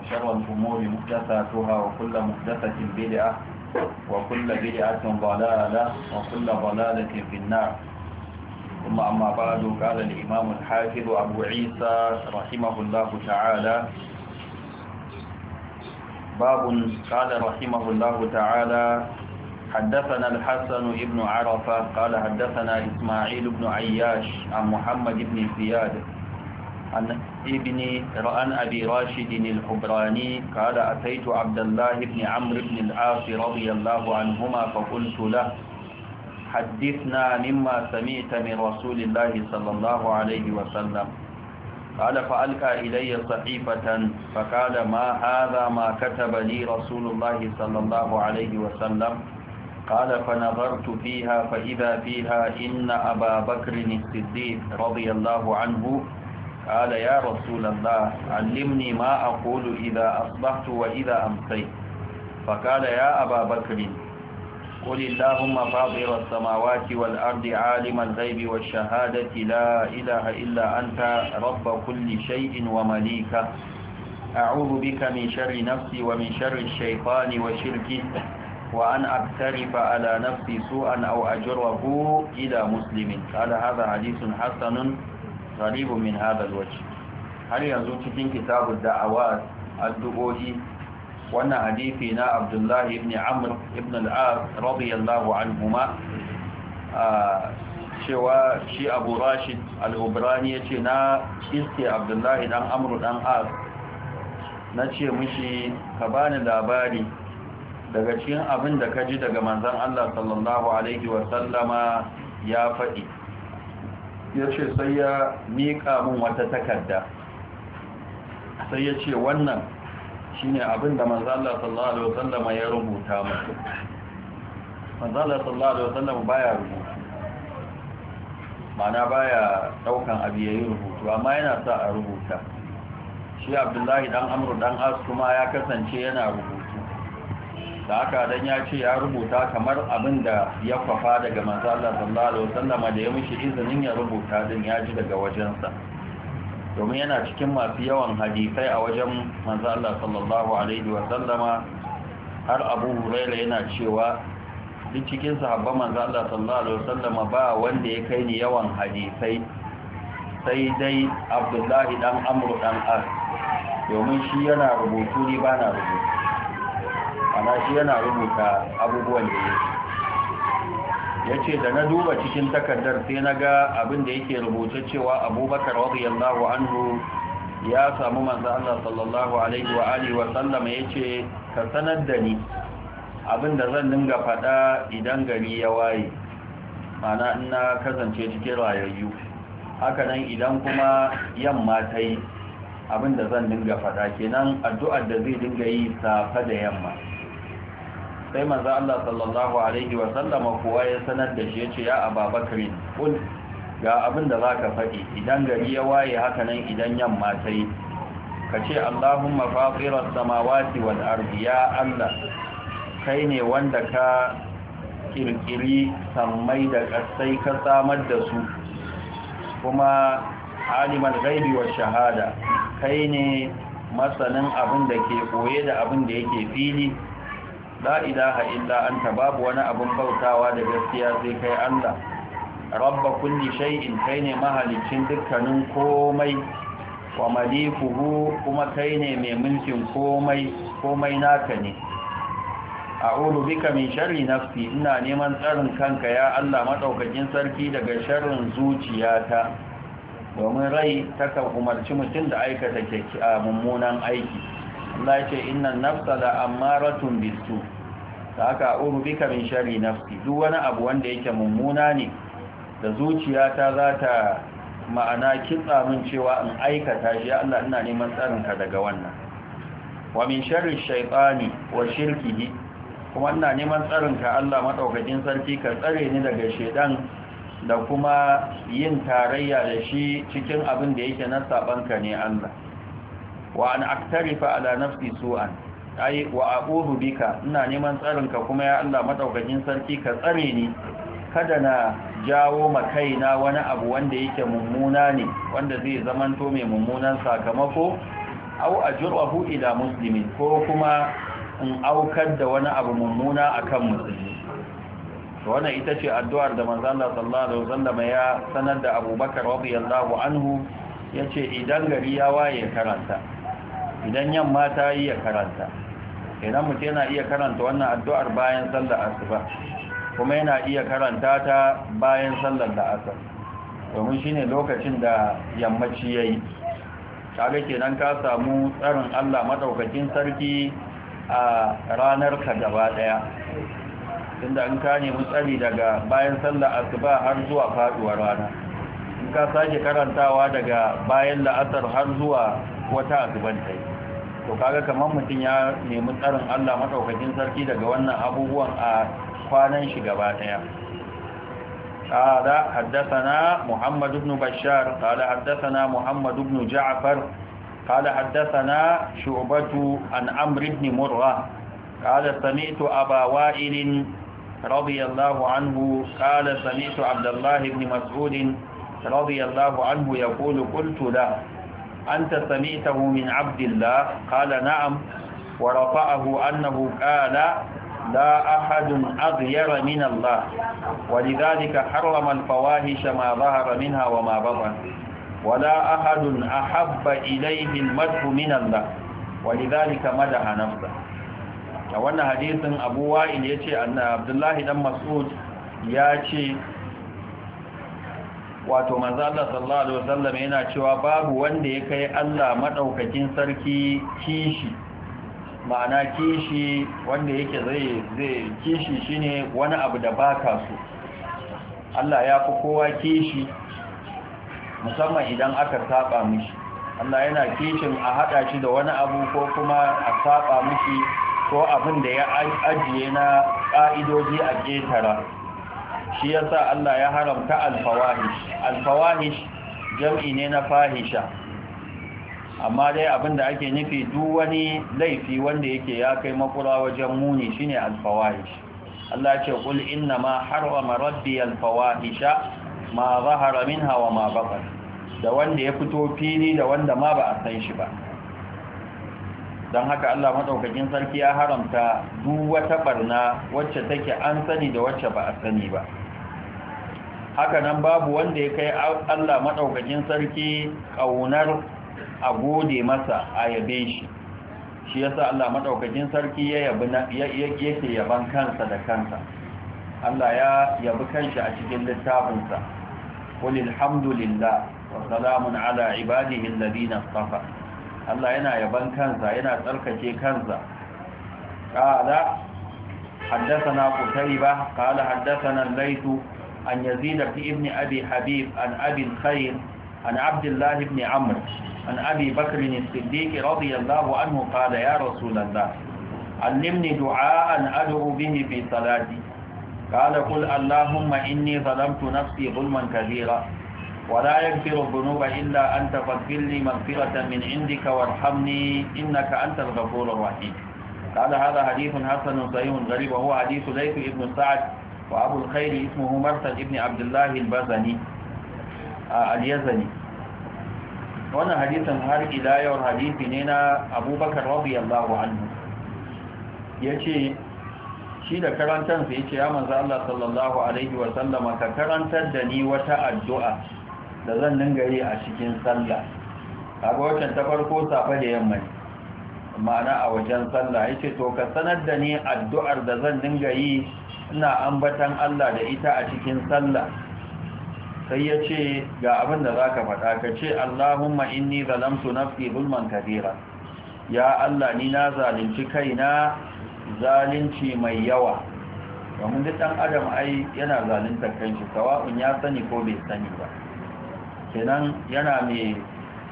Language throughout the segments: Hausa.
وشر الأمور محدثاتها وكل محدثة بدعة وكل بدعة ضلالة وكل ضلالة في النار ثم أما بعد قال الإمام الحافظ أبو عيسى رحمه الله تعالى باب قال رحمه الله تعالى حدثنا الحسن بن عرفة قال حدثنا إسماعيل بن عياش عن محمد بن زياد عن ابن عن أبي راشد الحبراني قال أتيت عبد الله بن عمرو بن العاص رضي الله عنهما فقلت له حدثنا مما سمعت من رسول الله صلى الله عليه وسلم قال فألقى إلي صحيفة فقال ما هذا ما كتب لي رسول الله صلى الله عليه وسلم قال فنظرت فيها فإذا فيها إن أبا بكر الصديق رضي الله عنه قال يا رسول الله علمني ما أقول إذا أصبحت وإذا أمسيت فقال يا أبا بكر قل اللهم فاضر السماوات والأرض عالم الغيب والشهادة لا إله إلا أنت رب كل شيء ومليكه أعوذ بك من شر نفسي ومن شر الشيطان وشركه وأن أقترف على نفسي سوءا أو أجره إلى مسلم قال هذا حديث حسن قريب min هذا الوجه har yanzu cikin kitab ad-da'awat addu'o'i wannan hadisi na Abdullah ibn Amr ibn al-As radiyallahu anhuma cewa shi Abu Rashid al-Ubrani yace na iske Abdullah dan Amr dan As nace mishi ka bani labari daga cikin abin da ka ji daga manzon Allah sallallahu alaihi wa sallama ya faɗi ya ce sai ya miƙa min wata takarda sai ya ce wannan shine abin da manzala sallallahu alaihi wasallam ya rubuta musu manzala sallallahu alaihi wasallam ya rubutu mana baya abu ya yi rubutu amma yana sa a rubuta shi abdullahi ɗan amur ɗan as kuma ya kasance yana rubutu da haka dan ya ce ya rubuta kamar abin da ya kwafa daga manzala sallalo sallama da ya mishi izinin ya rubuta din ya ji daga wajensa domin yana cikin masu yawan hadisai a wajen manzala sallallahu alaihi wasallama har abu huraira yana cewa duk cikin sahabban manzala sallalo sallama ba wanda ya kai ni yawan hadisai sai dai abdullahi dan amru dan as domin shi yana rubutu ni ba na rubutu ana shi yana rubuta abubuwan da ya ya ce da na duba cikin takardar sai na ga abin da yake rubuta cewa abubakar radiyallahu anhu ya samu manzo Allah sallallahu alaihi wa alihi wa sallam yace ka sanar da ni abinda zan dinga fada idan gari ya waye mana ina kasance cikin rayayyu haka nan idan kuma yamma ta abinda zan dinga fada kenan addu'ar da zai dinga yi safa da yamma sai manzo Allah sallallahu alaihi wa sallama kuwa ya sanar da shi yace ya Abubakar kun ga abin da zaka faɗi idan gari ya waye haka nan idan yamma ta yi kace Allahumma fatiras samawati wal ardi ya Allah kai ne wanda ka kirkiri sammai da kasai ka samar da su kuma aliman ghaibi wa shahada kai ne masanin abin da ke koye da abin da yake fili la ilaha illa anta babu wani abun bautawa da gaskiya sai kai Allah rabba kulli shay'in kai ne mahalicin dukkanin komai wa malikuhu kuma kai ne mai mulkin komai komai naka ne a'udhu bika min sharri nafsi ina neman tsarin kanka ya Allah madaukakin sarki daga sharrin zuciyata domin rai takan umarci mutum da aikata a mummunan aiki Allah ya ce innan nafsa da amaratun bisu ta haka uru bika min shari nafsi duk wani abu wanda yake mummuna ne da zuciyata za ta ma'ana kitsa min cewa in aikata shi Allah ina neman tsarin ka daga wannan wa min sharri shaytani wa shirkihi kuma ina neman tsarin ka Allah madaukakin sarki ka tsare ni daga shedan da kuma yin tarayya da shi cikin abin da yake na sabanka ne Allah wa an aktarifa ala nafsi su'an ay wa a'udhu bika ina neman tsarin ka kuma ya Allah madaukakin sarki ka tsare ni kada na jawo makaina wani abu wanda yake mummuna ne wanda zai zamanto mai mummunan sakamako au ajruhu ila muslimin ko kuma in aukar da wani abu mummuna akan musulmi wannan ita ce addu'ar da manzo Allah sallallahu alaihi wasallam ya sanar da Abubakar radiyallahu anhu yace idan gari ya waye karanta idan yamma ta yi ya karanta idan mutum yana iya karanta wannan addu'ar bayan sallar asuba kuma yana iya karanta ta bayan sallar da asar domin shine lokacin da yammaci yayi ga kenan ka samu tsarin Allah maɗaukakin sarki a ranar ka gaba daya inda in ka nemi tsari daga bayan sallar asuba har zuwa faduwar rana in ka sake karantawa daga bayan la'asar har zuwa wata asuban tayi to kaga kamar mutum ya nemi tsarin Allah madaukakin sarki daga wannan abubuwan a kwanan shi gaba daya qala haddathana muhammad ibn bashar qala haddathana muhammad ibn ja'far qala haddathana shu'batu an amr ibn murra qala sami'tu aba wa'il radiyallahu anhu qala sami'tu abdullah ibn mas'ud radiyallahu anhu ya qultu la anta sami'tahu min abdillah qala na'am wa rafa'ahu annahu qala لا أحد أغير من الله ولذلك حرم الفواهش ما ظهر منها وما بطن ولا أحد أحب إليه المدح من الله ولذلك مدح نفسه wannan hadisin abu wa'il ya ce abdullahi dan mas'ud ya ce wato manzo Allah sallallahu alaihi wasallam yana cewa babu wanda ya kai Allah madaukakin sarki kishi ma'ana kishi wanda yake zai zai kishi shine wani abu da baka so Allah ya fi kowa kishi musamman idan aka saba mishi Allah yana kishin a hada shi da wani abu ko kuma a saba mishi ko abin da ya ajiye na ka'idoji a ketara shi yasa Allah ya haramta alfawahish alfawahish jam'i ne na fahisha amma dai abinda ake nufi duk wani laifi wanda yake ya kai makura wajen muni shine alfawahish Allah ce kul inna ma harrama rabbi alfawahisha ma zahara minha wa ma batar da wanda ya fito fili da wanda ma ba a san shi ba don haka Allah maɗaukakin sarki ya haramta duk wata barna wacce take an sani da wacce ba a sani ba hakanan babu wanda ya kai Allah maɗaukakin sarki ƙaunar a gode masa a yabe shi shi yasa Allah maɗaukakin sarki ya yake yaban kansa da kansa Allah ya yabi shi a cikin littafinsa qul alhamdulillah wa salamun ala ibadihi alladhina safa Allah yana yaban kansa yana tsarkake kansa qala haddathana qutayba qala haddathana al laitu. an yazid ibn abi habib an abi khair an abdullah ibn amr an abi bakr as-siddiq radiyallahu anhu qala ya rasulullah علمني دعاء أدعو به في صلاتي قال قل اللهم إني ظلمت نفسي ظلما كبيرا ولا يغفر الذنوب إلا أنت فاغفر لي مغفرة من عندك وارحمني إنك أنت الغفور الرحيم قال هذا حديث حسن صحيح غريب وهو حديث ليث بن سعد وأبو الخير اسمه مرسل بن عبد الله البزني اليزني wannan hadisin har ila yau ne na abubakar radiyallahu anhu ya ce shi da karantarsa ya ce ya Allah sallallahu alaihi Wasallama, ka karantar da ni wata addu'a da zan dinga yi a cikin sallah kaga waccan ta farko safa da yamma ne ma'ana a wajen sallah yace to ka sanar da ni addu'ar da zan dinga yi ina ambatan Allah da ita a cikin sallah sai yace ga abin da zaka faɗa ka ce Allahumma inni zalamtu nafsi zulman kabira ya Allah ni na zalunci kaina zalunci mai yawa domin duk dan adam ai yana zalunta kanshi sawa'un ya sani ko bai sani ba kenan yana mai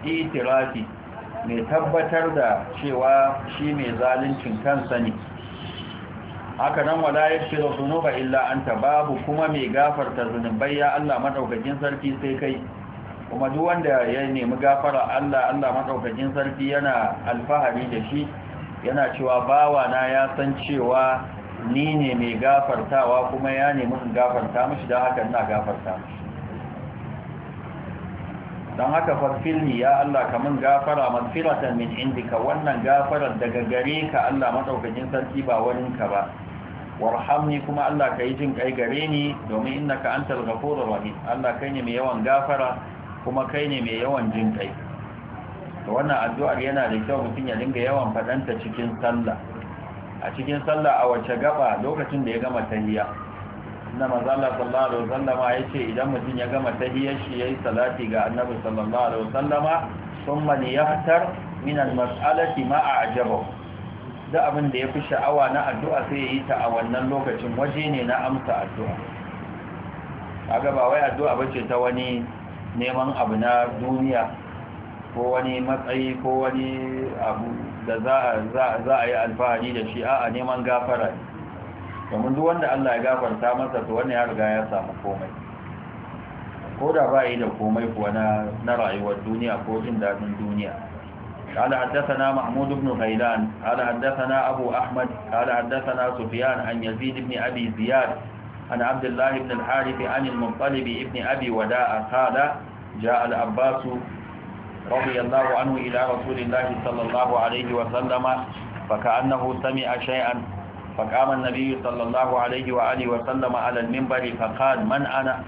itirafi mai tabbatar da cewa shi mai zaluncin kansa ne haka nan wala yaghfiru zunuba illa anta babu kuma mai gafarta zunubai ya Allah madaukakin sarki sai kai kuma duk wanda ya nemi gafara Allah Allah madaukakin sarki yana alfahari da shi yana cewa bawa na ya san cewa ni ne mai gafartawa kuma ya nemi in gafarta mashi da haka ina gafarta don haka farfilni ya Allah kaman gafara magfiratan min indika wannan gafarar daga gare ka Allah madaukakin sarki ba ka ba warhamni kuma Allah ka yi jin kai gare ni domin innaka antal ghafurur rahim Allah kai ne mai yawan gafara kuma kai ne mai yawan jin kai to wannan addu'ar yana da kyau mutum ya dinga yawan fadanta cikin sallah a cikin sallah a wace gaba lokacin da ya gama tahiyya na sallallahu alaihi wasallama yace idan mutum ya gama tahiyyar shi yayi salati ga annabi sallallahu alaihi wasallama thumma yaftar min al-mas'alati ma a'jabahu da abin da yafi sha'awa na addu'a sai yayi ta a wannan lokacin waje ne na amsa addu'a kaga ba wai addu'a bace ta wani neman abu na duniya ko wani matsayi ko wani abu da za a yi alfahari da shi a neman gafara domin duk wanda Allah ya gafarta masa to wannan ya riga ya samu komai ko da ba yi da komai kuwa na na rayuwar duniya ko jin dadin duniya قال حدثنا محمود بن غيلان قال حدثنا أبو أحمد قال حدثنا سفيان عن يزيد بن أبي زياد عن عبد الله بن الحارث عن المطلب بن أبي وداء قال جاء العباس رضي الله عنه إلى رسول الله صلى الله عليه وسلم فكأنه سمع شيئا فقام النبي صلى الله عليه وآله وسلم على المنبر فقال من أنا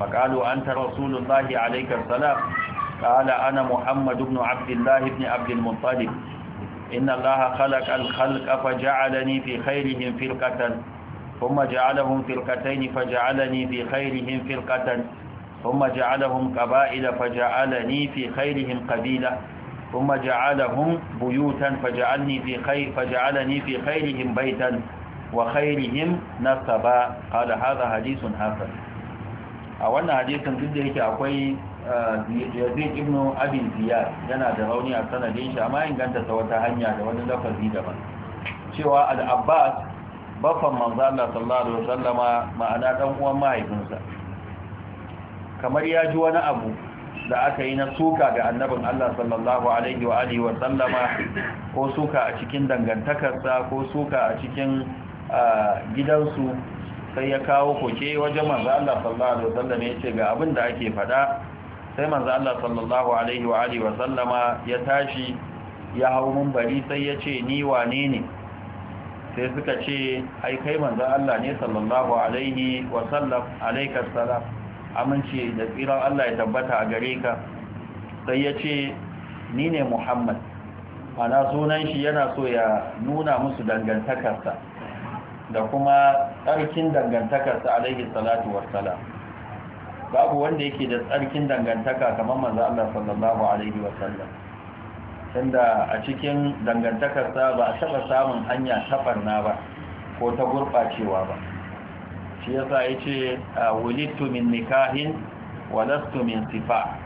فقالوا أنت رسول الله عليك السلام قال أنا محمد بن عبد الله بن عبد المطلب إن الله خلق الخلق فجعلني في خيرهم فرقة ثم جعلهم فرقتين فجعلني في خيرهم فرقة ثم جعلهم قبائل فجعلني في خيرهم قبيلة ثم جعلهم بيوتا فجعلني في خير فجعلني في خيرهم بيتا وخيرهم نصبا قال هذا حديث حسن a wannan hadisin duk da yake akwai yazid ibnu abin ziyar yana da rauni a sanadin shi amma inganta ta wata hanya da wani lafazi daban cewa al-abbas baffan manzo Allah sallallahu alaihi wasallama ma'ana dan uwan mahaifinsa kamar ya ji wani abu da aka yi na suka ga annabin Allah sallallahu alaihi wa alihi wa sallama ko suka a cikin dangantakarsa ko suka a cikin gidansu sai ya kawo koke wajen manzo Allah sallallahu alaihi wa sallama ce ga abin da ake fada sai manzo Allah sallallahu alaihi wa alihi wa sallama ya tashi ya hau munbari sai ya ce ni wane ne sai suka ce ai kai manzo Allah ne sallallahu alaihi wa sallam alaikas salam aminci da tsiran Allah ya tabbata a gare ka sai ya ce ni ne Muhammad ana sunan shi yana so ya nuna musu dangantakarsa da kuma tsarkin dangantakarsa alaihi salatu Wasala. babu wanda yake da tsarkin dangantaka kamar manzo Allah sallallahu alaihi wasallam tunda a cikin dangantakarsa ba a taɓa samun hanya ta barna ba ko ta gurɓacewa ba shi yasa yace ah, wulidtu min nikahin wa lastu min sifa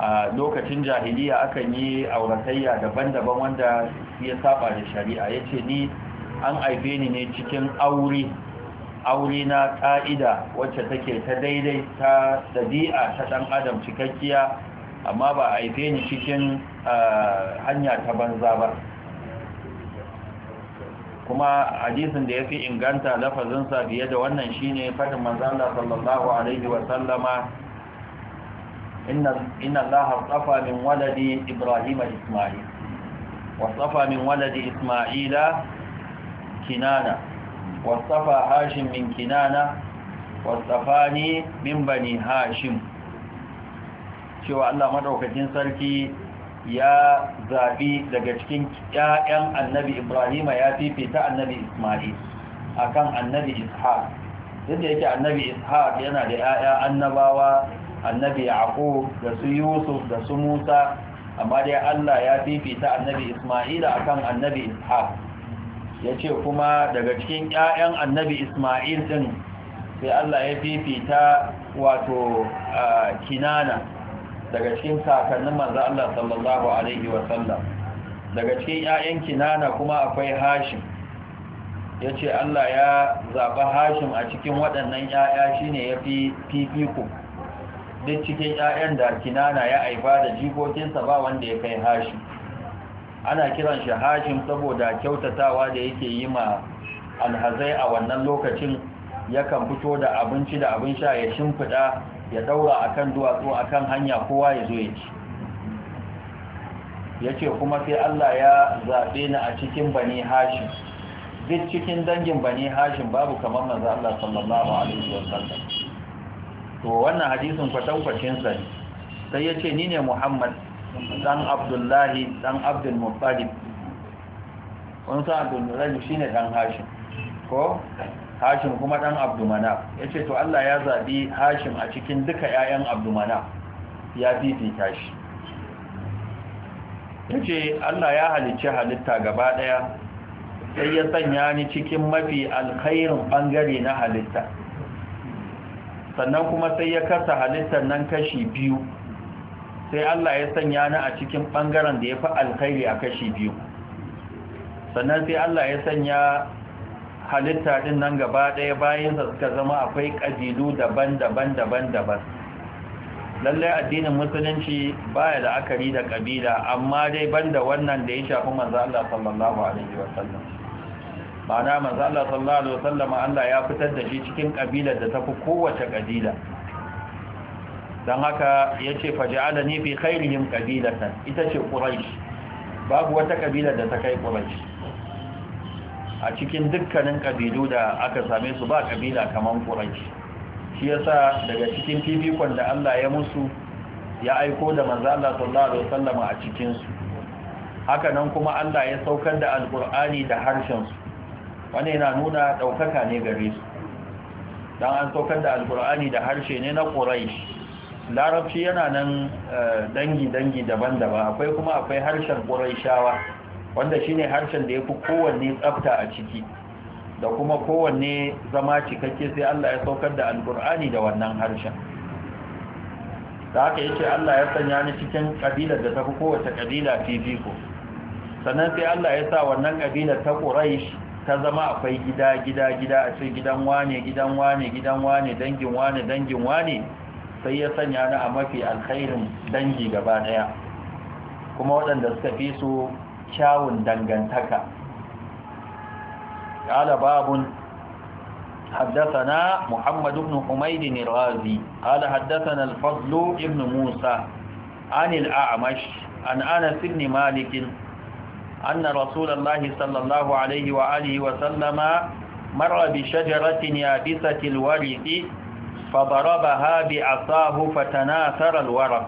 a ah, lokacin jahiliya akan yi auratayya daban-daban wanda ya saba da shari'a yace ni an haife ni ne cikin aure aure na ƙa'ida wacce take ta daidai ta ɗabi'a ta ɗan adam cikakkiya amma ba a haife ni cikin ah, hanya ta banza ba kuma hadisin da ya fi inganta lafazinsa biye da wannan shi ne fadin manzala sallallahu alaihi wasallama inna allaha tsafa min waladi ibrahim isma'il wasafa min waladi isma'ila kinana wasafa hashim min kinana wasafani min bani hashim cewa allah maɗaukacin sarki ya zaɓi daga cikin ƴaƴan annabi ibrahima ya fifita annabi ismail akan annabi ishaq yadda yake annabi ishaq yana da ƴaƴa annabawa annabi yaqub da su yusuf da su musa amma dai allah ya fifita annabi ismail akan annabi ishaq ya ce kuma daga cikin ƴaƴan annabi ismail din sai allah ya fifita wato kinana daga cikin kakannin manzo Allah sallallahu alaihi wa sallam daga cikin ƴaƴan Kinana kuma akwai Hashim yace Allah ya zaba Hashim a cikin waɗannan ƴaƴa shine yafi fifiko duk cikin ƴaƴan da Kinana ya aifa da jikokinsa ba wanda ya kai Hashim ana kiran shi Hashim saboda kyautatawa da yake yi ma alhazai a wannan lokacin yakan fito da abinci da abin sha ya shimfida ya daura akan duwatsu akan hanya kowa ya zo ya ci ya ce kuma sai Allah ya zaɓe ni a cikin bani hashim duk cikin dangin bani hashim babu kamar manzo Allah sallallahu alaihi wasallam to wannan hadisin kwatankwacin sa ne sai ya ce ni ne Muhammad dan Abdullahi dan Abdul Muttalib wannan sa Abdul shi shine dan hashim ko hashim kuma ɗan abdumanaf ya ce to Allah ya zaɓi hashim a cikin duka 'ya'yan abdumana ya fifita shi ya ce Allah ya halicci halitta gaba ɗaya sai ya sanya ni cikin mafi alkhairin ɓangare na halitta sannan kuma sai ya kasa halittar nan kashi biyu sai Allah ya sanya ni a cikin ɓangaren da ya fi alkhairi a kashi biyu sannan sai Allah ya sanya halitta din nan gaba ɗaya bayansa suka zama akwai ƙabilu daban-daban daban-daban lallai addinin musulunci baya da akari da ƙabila amma dai banda wannan da ya shafi manzo Allah sallallahu alaihi wasallam ma'ana manzo Allah sallallahu alaihi wasallam Allah ya fitar da shi cikin ƙabilar da tafi kowace ƙabila Don haka ya ce, yace faj'alani fi khairihim qabilatan ita ce quraish babu wata ƙabila da ta kai quraish a cikin dukkanin kabilu da aka same su ba kabila kamar quraish shi yasa daga cikin fifikon da Allah ya musu ya aiko da manzo Allah sallallahu alaihi wasallam a cikin su haka nan kuma Allah ya saukar da alqur'ani da harshen su wannan yana nuna daukaka ne gare su dan an saukar da alqur'ani da harshe ne na quraish larabci yana nan eh, dangi-dangi daban-daban akwai kuma akwai harshen ƙuraishawa wanda shine harshen da ya fi kowanne tsafta a ciki da kuma kowanne zama cikakke sai Allah ya saukar da alkur'ani da wannan harshen da haka yace Allah ya sanya ni cikin kabilar da ta fi kowace kabila fifiko sannan sai Allah ya sa wannan kabila ta Quraysh ta zama akwai gida gida gida a cikin gidan wane gidan wane gidan wane dangin wane dangin wane sai ya sanya ni a mafi alkhairin dangi gaba daya kuma waɗanda suka fi su kyawun dangantaka قال باب حدثنا محمد بن حميد الرازي قال حدثنا الفضل بن موسى عن الأعمش عن أنس بن مالك أن رسول الله صلى الله عليه وآله وسلم مر بشجرة يابسة الورق فضربها بعصاه فتناثر الورق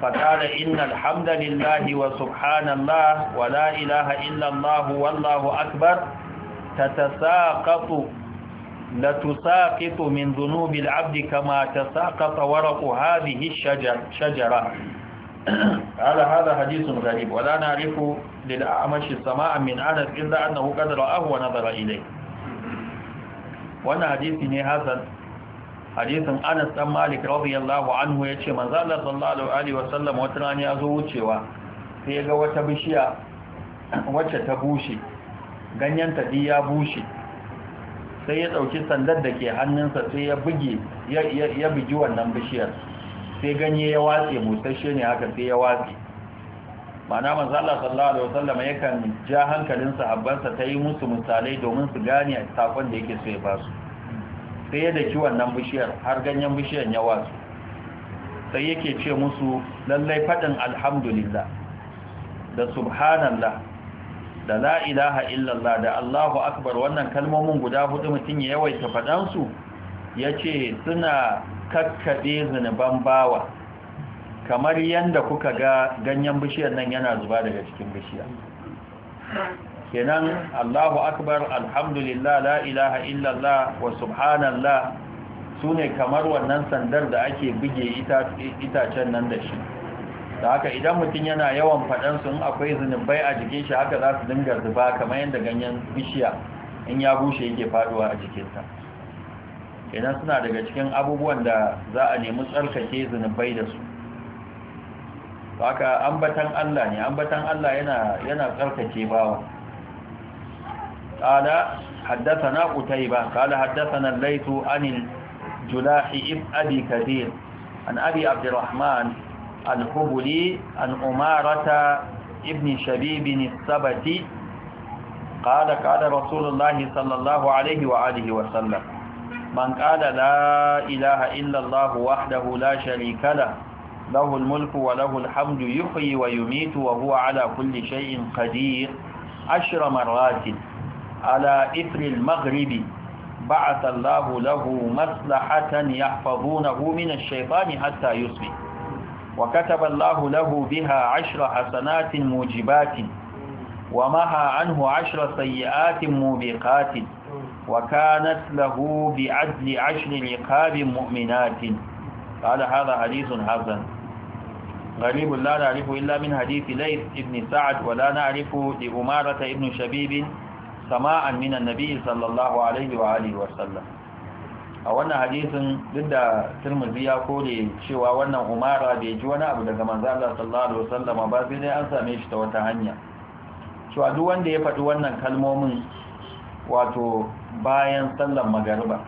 فقال إن الحمد لله وسبحان الله ولا إله إلا الله والله أكبر تتساقط لتساقط من ذنوب العبد كما تساقط ورق هذه الشجرة قال هذا حديث غريب ولا نعرف للأعمش السماء من أنس إلا أنه قد رآه ونظر إليه وانا حديث حسن hadisin Anas dan Malik radiyallahu anhu yace manzo Allah sallallahu alaihi wasallam wata rani ya zo wucewa sai ya ga wata bishiya wacce ta bushe ganyen ta ya bushe sai ya dauki sandar da ke hannunsa sai ya buge ya bugi wannan bishiyar sai ganye ya watse mutashe ne haka sai ya watse mana manzo Allah sallallahu alaihi wasallam yakan ja hankalinsa sahabbansa ta yi musu misalai domin su gane sakon da yake so ya ba su sai da kiwon wannan bishiyar har ganyen bishiyar ya wasu sai yake ce musu lallai faɗin alhamdulillah da subhanallah da la ilaha illallah da allahu akbar wannan kalmomin guda hudu mutum ya yawaita faɗansu ya ce suna kakkaɓe zunuban bawa kamar yadda kuka ga ganyen bishiyar nan yana zuba daga cikin bishiya. kenan Allahu akbar alhamdulillah la ilaha illallah wa subhanallah su ne kamar wannan sandar da ake buge itacen nan da shi da haka idan mutum yana yawan faɗansu in akwai zunubai a jikin shi haka za su dinga zuba kamar yadda ganyen bishiya in ya bushe yake faɗuwa a jikinsa kenan suna daga cikin abubuwan da za a nemi tsarkake zunubai da su haka ambatan Allah ne ambatan Allah yana yana tsarkake bawa قال حدثنا قتيبة قال حدثنا الليث عن الجلاح ابن أبي كثير عن أبي عبد الرحمن الحبلي عن أمارة ابن شبيب السبتي قال قال رسول الله صلى الله عليه وآله وسلم من قال لا إله إلا الله وحده لا شريك له له الملك وله الحمد يحيي ويميت وهو على كل شيء قدير عشر مرات على إثر المغرب بعث الله له مصلحة يحفظونه من الشيطان حتى يصبح وكتب الله له بها عشر حسنات موجبات ومها عنه عشر سيئات موبقات وكانت له بعدل عشر رقاب مؤمنات قال هذا حديث حسن غريب لا نعرف إلا من حديث ليث ابن سعد ولا نعرف لأمارة ابن شبيب sama'an minan nabi sallallahu alaihi wa alihi wa sallam a wannan hadisin duk da turmuzi ya kore cewa wannan umara bai ji wani abu daga manzo Allah sallallahu alaihi sallam ba sai dai an same shi ta wata hanya cewa duk wanda ya faɗi wannan kalmomin wato bayan sallar magariba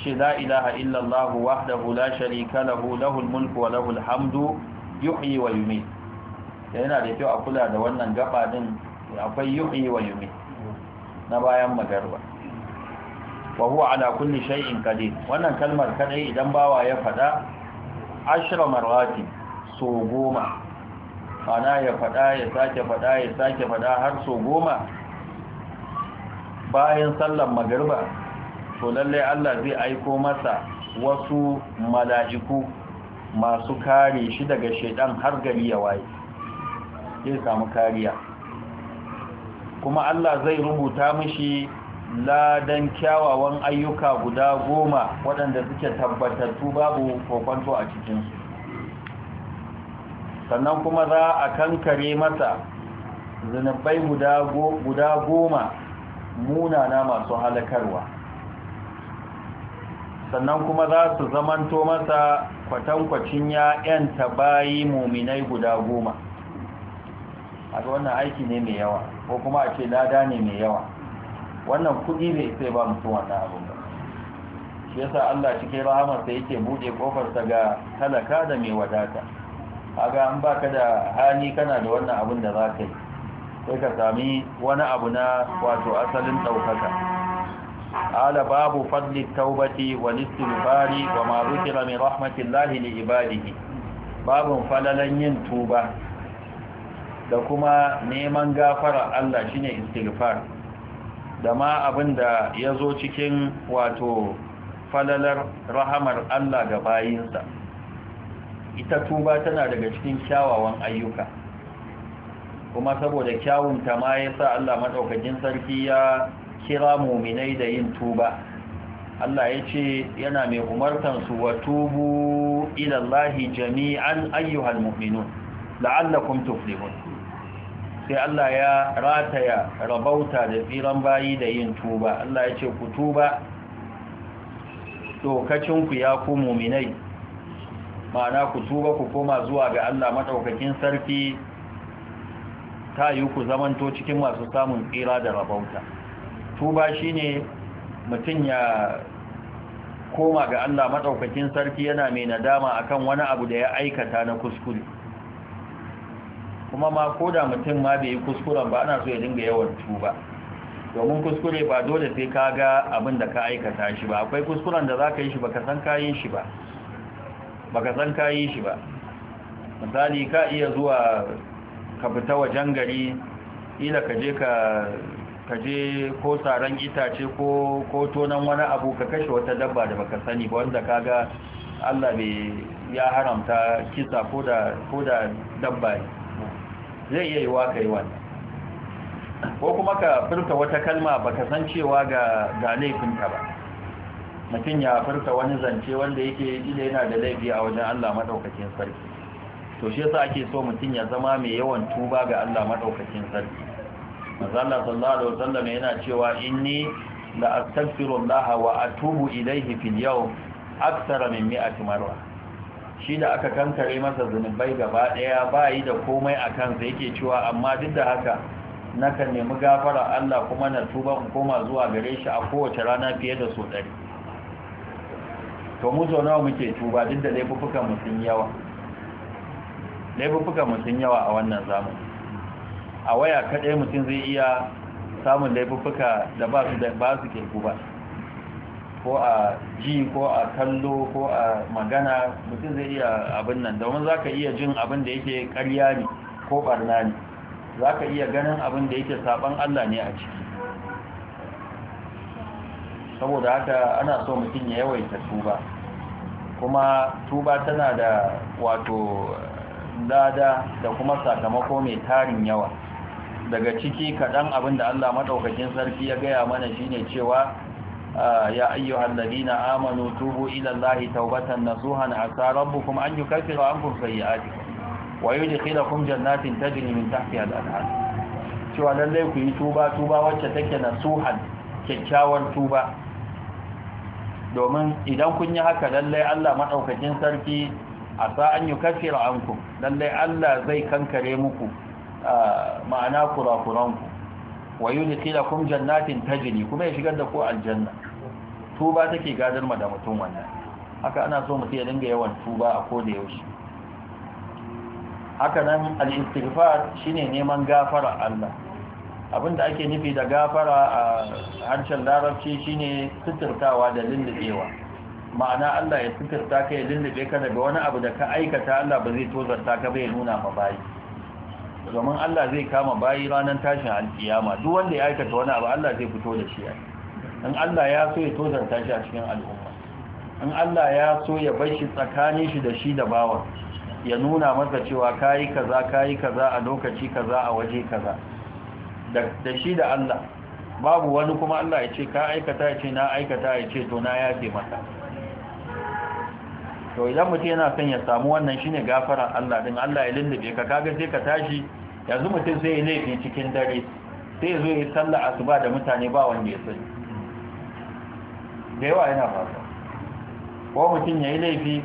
ce la ilaha illallah wahdahu la sharika lahu lahul mulku wa lahul hamdu yuhyi wa yumiit yana da kyau a kula da wannan gaba din akwai yuhyi wa yumiit na bayan magarba wa huwa ala kulli shay'in qadir wannan kalmar kadai idan bawa ya fada ashra marwati so goma ana ya fada ya sake fada ya sake fada har so goma bayan sallar magarba to lalle Allah zai aiko masa wasu mala'iku masu kare shi daga shaidan har gari ya waye zai samu kariya kuma Allah zai rubuta mishi ladan kyawawan ayyuka guda goma waɗanda suke tabbatattu babu kokwanto a cikinsu sannan kuma za a kankare masa zunubai guda goma munana masu halakarwa sannan kuma za su zamanto masa kwatankwacin 'ya'yanta bayi muminai guda goma a wannan aiki ne mai yawa ko kuma a ce lada ne mai yawa wannan kuɗi bai sai ba mutum wannan abin ba shi yasa Allah cikin rahamarsa yake buɗe kofarsa ga talaka da mai wadata kaga an baka da hali kana da wannan abun da za ka yi sai ka sami wani abu na wato asalin ɗaukaka ala babu fadli taubati wa istighfari wa Maruki Ramin rahmatillahi li ibadihi Babu falalan yin tuba da kuma neman gafara Allah shi ne istighfar da ma abinda zo cikin wato falalar rahamar Allah ga bayinsa ita tuba tana daga cikin kyawawan ayyuka kuma saboda kyawun ta ma sa Allah maɗaukacin sarki ya kira muminai da yin tuba Allah ya ce yana mai umartansu wa tubu ilallahi jami'an ayyuhal mu'minun la'allakum tuflihun sai Allah ya rataya rabauta da tsiran bayi da yin tuba Allah ya ce ku tuba dokacinku ya ku muminai ma'ana ku tuba ku koma zuwa ga Allah maɗaukakin sarki ta yi ku zamanto cikin masu samun tsira da rabauta tuba shine mutum ya koma ga Allah maɗaukakin sarki yana mai nadama akan wani abu da ya aikata na kuskure kuma ma ko da mutum ma bai yi kuskuren ba ana so ya dinga yawan tuba domin kuskure ba dole sai ka ga abin da ka aikata shi ba akwai kuskuren da za ka yi shi ka san ka yi shi ba ka san ka yi shi ba misali ka iya zuwa ka fita wajen gari ila ka je ka ka je ko saran itace ko ko tonan wani abu ka kashe wata dabba da baka sani ba wanda ka ga Allah bai ya haramta kisa ko da ko da dabba ne zai iya yiwa ka yi wannan ko kuma ka furta wata kalma ba ka san cewa ga ga laifinka ba mutum ya furta wani zance wanda yake ila yana da laifi a wajen Allah madaukakin sarki to shi yasa ake so mutum ya zama mai yawan tuba ga Allah madaukakin sarki manzo Allah sallallahu alaihi yana cewa inni la astaghfirullaha wa atubu ilayhi fil yawm akthara min 100 marra shi da aka kankare masa zunubai gaba daya ba yi da komai a kansa yake cewa amma duk da haka na kan nemi gafara Allah kuma na tuba in koma zuwa gare shi a kowace rana fiye da so ɗari to mu zo nawa muke tuba duk da laifuka mu sun yawa Laifuka mu sun yawa a wannan zamani a waya kaɗai mutum zai iya samun laifuka da ba su da ba su ba ko a ji ko a kallo ko a magana mutum zai iya abin nan domin za ka iya jin abin da yake karya ne ko barna ne za ka iya ganin abin da yake saban Allah ne a ciki saboda haka ana so mutum ya yawaita tuba kuma tuba tana da wato lada da kuma sakamako mai tarin yawa daga ciki kaɗan abin da Allah maɗaukakin sarki ya gaya mana shine cewa يا أيها الذين آمنوا توبوا إلى الله توبة نصوحا عسى ربكم أن يكفر عنكم سيئاتكم ويدخلكم جنات تجري من تحتها الأنهار شو على الله tuba توبة توبة وشتك Nasuhan kyakkyawar tuba? domin idan kun yi haka lallai Allah madaukakin sarki asa an yukaffir ankum lallai Allah zai kankare muku ma'ana kurakuranku wa yudkhilakum jannatin tajri kuma ya shigar da ku aljanna tuba take gadar ma da mutum wannan haka ana so mutum ya dinga yawan tuba a koda yaushe haka nan al-istighfar shine neman gafara Allah abinda ake nufi da gafara a harshen larabci shine suturtawa da lullubewa ma'ana Allah ya suturta ka ya lullube ka daga wani abu da ka aikata Allah ba zai tozarta ka bai nuna ma bayi domin Allah zai kama bayi ranar tashin alkiyama duk wanda ya aikata wani abu Allah zai fito da shi a in Allah ya so ya tozanta shi a cikin al'umma in Allah ya so ya bar shi tsakanin shi da shi da bawan ya nuna masa cewa kayi kaza kayi kaza a lokaci kaza a waje kaza da shi da Allah babu wani kuma Allah ya ce ka aikata ya ce na aikata ya ce to na yafe mata to idan mutum yana son ya samu wannan shi ne gafaran Allah din Allah ya lullube ka kaga sai ka tashi yanzu mutum sai ya laifi cikin dare sai ya zo ya sallah asuba da mutane ba wanda ya sani da yawa yana faruwa ko mutum ya yi laifi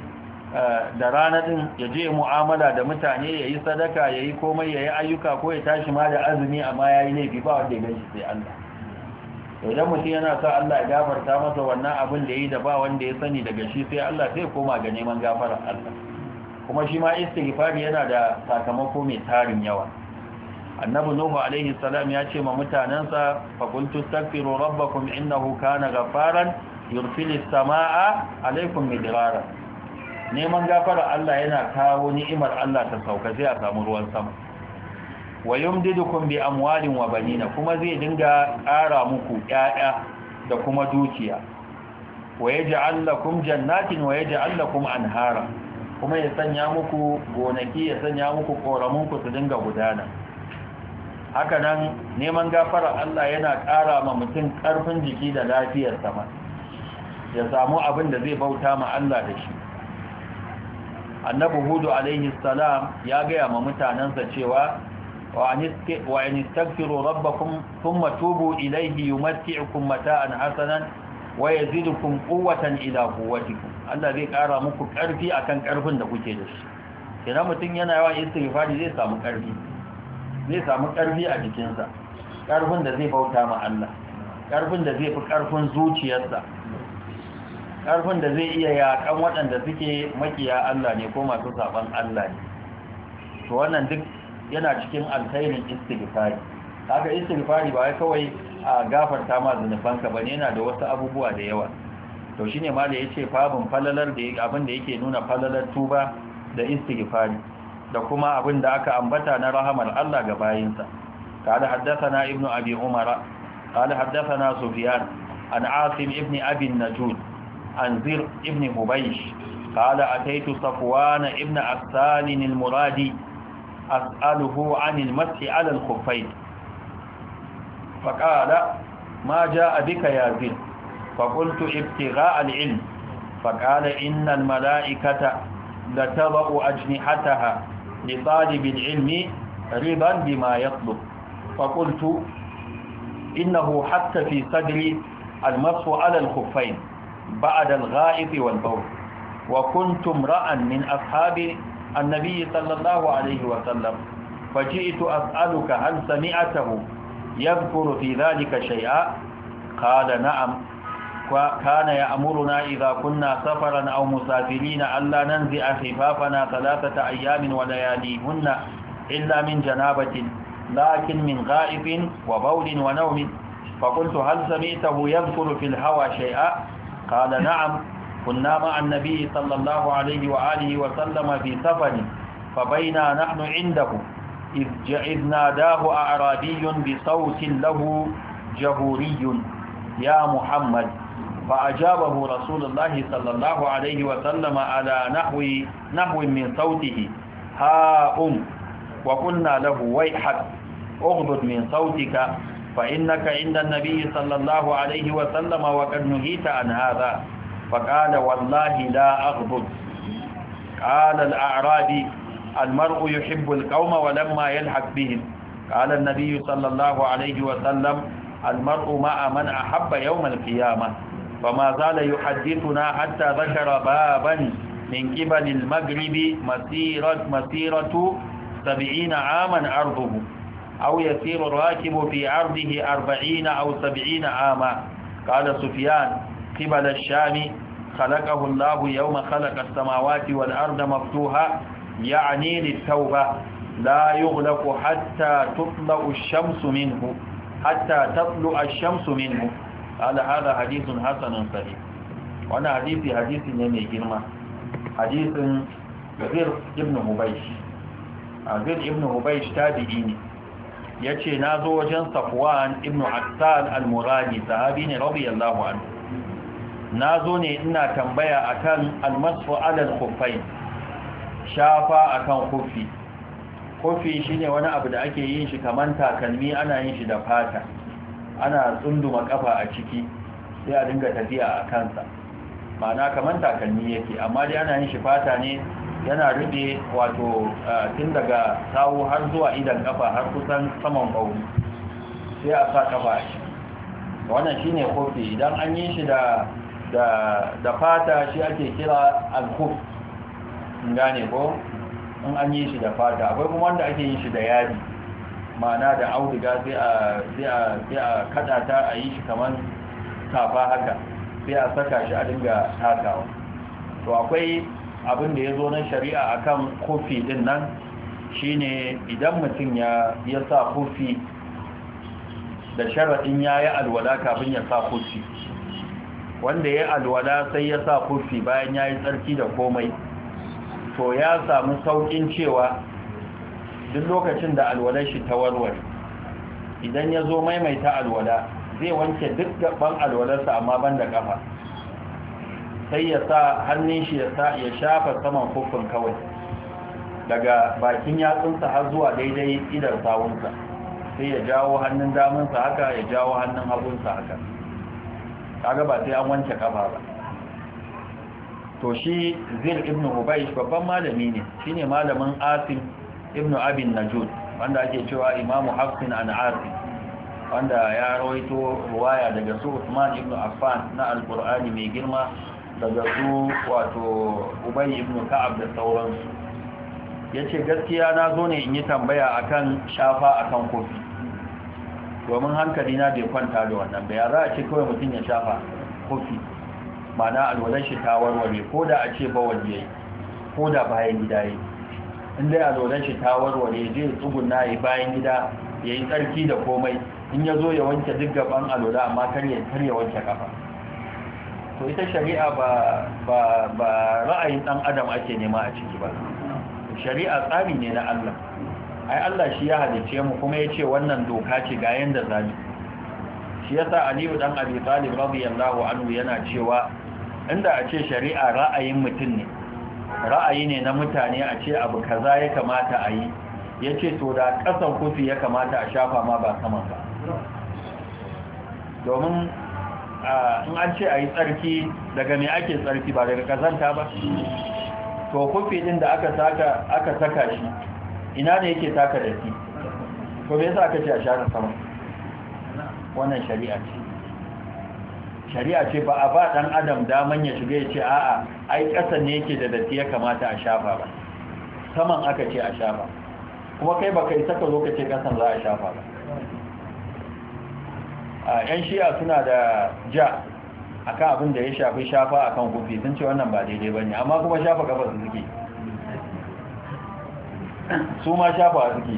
eh, da rana din ya je mu'amala da mutane ya yi sadaka ya yi komai ya yi ayyuka ko ya tashi ma da azumi amma ya yi laifi ba wanda ya gaji sai Allah idan mutum yana sa Allah ya gafarta masa wannan abin da ya yi da ba wanda ya sani daga shi sai Allah sai koma ga neman gafarar Allah kuma shi ma istighfari yana da sakamako mai tarin yawa annabi nuhu alaihi salam ya ce ma mutanansa fa kuntu tastaghfiru rabbakum innahu kana ghafaran yurfili sama'a alaikum midrara neman gafara Allah yana kawo ni'imar Allah ta sauka zai a samu ruwan sama wa yumdidukum bi amwalin wa banina kuma zai dinga ƙara muku ƴaƴa da kuma dukiya wa yaj'al lakum jannatin wa yaj'al lakum anhara kuma ya sanya muku gonaki ya sanya muku koramun ku su dinga gudana haka nan neman gafara Allah yana ƙara ma mutum ƙarfin jiki da lafiyar sama ya samu abin da zai bauta ma Allah da shi annabi hudu alaihi salam ya gaya ma mutanensa cewa wa in istaghfiru rabbakum thumma tubu ilayhi yumatti'ukum mata'an hasanan wa yazidukum quwwatan ila quwwatikum Allah zai kara muku karfi akan karfin da kuke da shi idan mutum yana yawan istighfari zai samu karfi zai samu karfi a jikinsa karfin da zai bauta ma Allah karfin da zai fi karfin zuciyarsa ƙarfin da zai iya yaƙan waɗanda suke makiya Allah ne ko masu saban Allah ne to wannan duk yana cikin alkhairin istighfari Haka istighfari ba wai kawai a gafarta ma zunubanka bane yana da wasu abubuwa da yawa to shine ma da yace fabin falalar da abin da yake nuna falalar tuba da istighfari da kuma abin da aka ambata na rahamar Allah ga bayinsa قال حدثنا ابن أبي عمر قال حدثنا سفيان عن عاصم ابن أبي النجود عن زر ابن هبيش قال أتيت صفوان ابن أسال المرادي أسأله عن المسح على الخفين فقال ما جاء بك يا زر فقلت ابتغاء العلم فقال إن الملائكة لتضع أجنحتها لطالب العلم رضا بما يطلب فقلت إنه حتى في صدري المسح على الخفين بعد الغائب والبول وكنت امرأ من أصحاب النبي صلى الله عليه وسلم فجئت أسألك هل سمعته يذكر في ذلك شيئا قال نعم وكان يأمرنا إذا كنا سفرا أو مسافرين ألا ننزع خفافنا ثلاثة أيام ولياليهن إلا من جنابة لكن من غائب وبول ونوم فقلت هل سمعته يذكر في الهوى شيئا قال نعم كنا مع النبي صلى الله عليه وآله وسلم في سفر فبينا نحن عنده إذ, إذ ناداه أعرابي بصوت له جهوري يا محمد فأجابه رسول الله صلى الله عليه وسلم على نحو, نحو من صوته ها أم وقلنا له ويحك اغضب من صوتك فإنك عند النبي صلى الله عليه وسلم وقد نهيت عن هذا فقال والله لا أغضب قال الأعرابي المرء يحب القوم ولما يلحق بهم قال النبي صلى الله عليه وسلم المرء مع من أحب يوم القيامة فما زال يحدثنا حتى ذكر بابا من قبل المغرب مسيرة, مسيرة سبعين عاما أرضه أو يسير الراكب في عرضه أربعين أو سبعين عاما قال سفيان قبل الشام خلقه الله يوم خلق السماوات والأرض مفتوحة يعني للتوبة لا يغلق حتى تطلع الشمس منه حتى تطلع الشمس منه قال هذا حديث حسن صحيح وانا حديثي حديث نمي جرمة حديث غير ابن هبيش غير ابن هبيش تابعيني ya ce na zo wajen safwan ibn hassan al-muradi sahabi ne radiyallahu an na zo ne ina tambaya akan almasu alal khuffain shafa akan khuffi khuffi shine wani abu da ake yin shi kaman takalmi ana yin shi da fata ana tsunduma kafa a ciki sai a dinga tafiya a kansa ma'ana kaman takalmi yake amma dai ana yin shi fata ne yana rube wato eh, tun daga tawo har zuwa idan kafa har kusan saman bauri sai a sa kafa shi wannan shine kofi idan an yi shi da fata shi ake kira alkuf gane ko in an yi shi da fata akwai kuma wanda ake yin shi da yadi ma'ana da auduga sai a kada ta a yi shi kamar safa haka sai a saka shi a dinga takawa to akwai abin da ya zo na shari'a akan kofi din nan shine idan mutum ya ya sa kofi da sharaɗin ya yi alwada kafin ya sa kofi wanda ya alwada sai ya sa kofi bayan ya yi tsarki da komai to ya samu sauƙin cewa duk lokacin da alwalar shi ta warware idan ya zo maimaita alwada, zai wanke duk gaban alwalarsa amma ban da kafa sai ya sa hannun shi ya shafa saman hukun kawai daga bakin yatsunsa har zuwa daidai idar sawunsa sai ya jawo hannun damunsa haka ya jawo hannun hagunsa haka kaga ba sai an wanke kafa ba to shi zir ibn hubaysh babban malami ne shine malamin asim ibn abin najud wanda ake cewa imamu hafsin an asim wanda ya rawaito ruwaya daga su usman ibn affan na alqur'ani mai girma daga su wato ubay ibn ka'ab da sauransu yace gaskiya na zo ne in yi tambaya akan shafa akan kofi domin hankali na bai kwanta da wannan bai za a ce kawai mutum ya shafa kofi mana alwalar shi ta warware ko da a ce bawal yi, ko da bayan gida yi. in dai alwalar shi ta warware zai tsuguna yi bayan gida yi tsarki da komai in ya zo ya wanke duk gaban alwala amma kar ya kar ya wanke kafa to ita shari'a ba ra'ayin ɗan adam ake nema a ciki ba shari'a tsari ne na Allah ai Allah shi ya halice mu kuma ya ce wannan doka ce ga yanda zani shi yasa Aliyu dan Abi Talib radiyallahu anhu yana cewa inda a ce shari'a ra'ayin mutum ne ra'ayi ne na mutane a ce abu kaza ya kamata a yi yace to da kasan kufi ya kamata a shafa ma ba saman ba domin Ah, in an ce a yi tsarki daga mai ake tsarki ba daga kazanta ba to kufi din da aka saka aka saka shi ina ne yake taka da shi to me yasa aka ce a share sama wannan shari'a ce shari'a ce ba a ba dan adam daman ya shiga ya ce a'a ai ƙasa ne yake da datti ya kamata a shafa ba saman aka ce a shafa kuma kai baka isa ka zo ka ce ƙasan za a shafa ba yan shi'a suna da ja akan abin da ya shafi shafa akan kufi sun ce wannan ba daidai ba ne amma kuma shafa kafa su suke su ma shafa suke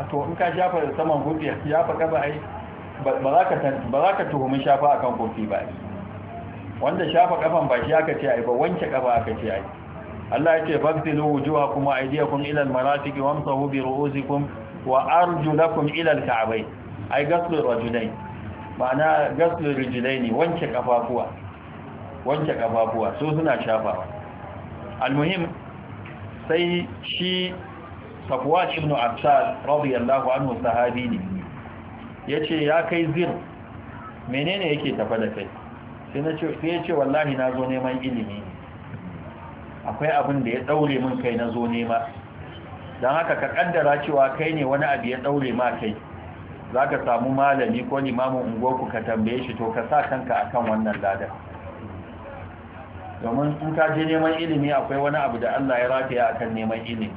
a to in ka shafa da saman kufi shafa kafa ai ba za ka tuhumin shafa akan kofi ba wanda shafa kafan ba shi aka ce ai ba wanke kafa aka ce ai Allah ya ce fagtilu wujuhakum wa aydiyakum ila ilal marafiqi wamsa hubi ru'uzikum wa arju lakum ilal ka'abai ai gaslun rajulai ma'ana gaslun rijulai ne wanke kafafuwa wanke kafafuwa so suna shafawa almuhim sai shi safwan ibn absal radiyallahu anhu sahabi ne yace ya kai zir menene yake tafa da kai sai na ce sai yace wallahi na zo neman ilimi akwai abin da ya daure min kai na zo nema dan haka ka kaddara cewa kai ne wani abu ya daure ma kai za ka samu malami ko limamin ungoku ka tambaye shi to ka sa kanka a kan wannan ladar domin in ka je neman ilimi akwai wani abu da Allah ya rataya akan neman ilimi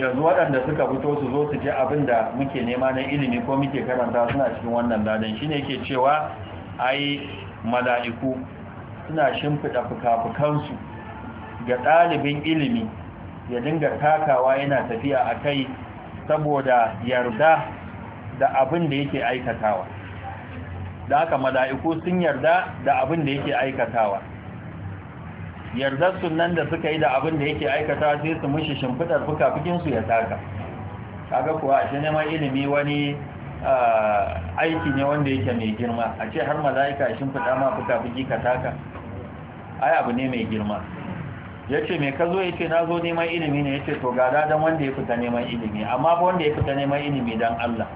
yanzu waɗanda suka fito su zo su je abin da muke nema na ilimi ko muke karanta suna cikin wannan ladan shine ke cewa ai mala'iku suna shimfiɗa fuka-fukansu ga ɗalibin ilimi ya dinga takawa yana tafiya a kai saboda yarda da abin da yake aikatawa da aka mala'iku sun yarda da abin da yake aikatawa yardar sunan da suka yi da abin da yake aikatawa sai su mushi shimfidar fuka ya taka kaga kuwa a shi neman ilimi wani aiki ne wanda yake mai girma a ce har mala'ika shimfida ma buka ka taka ai abu ne mai girma ya ce mai ka zo ya ce na zo neman ilimi ne ya ce to gada don wanda ya fita neman ilimi amma ba wanda ya fita neman ilimi don Allah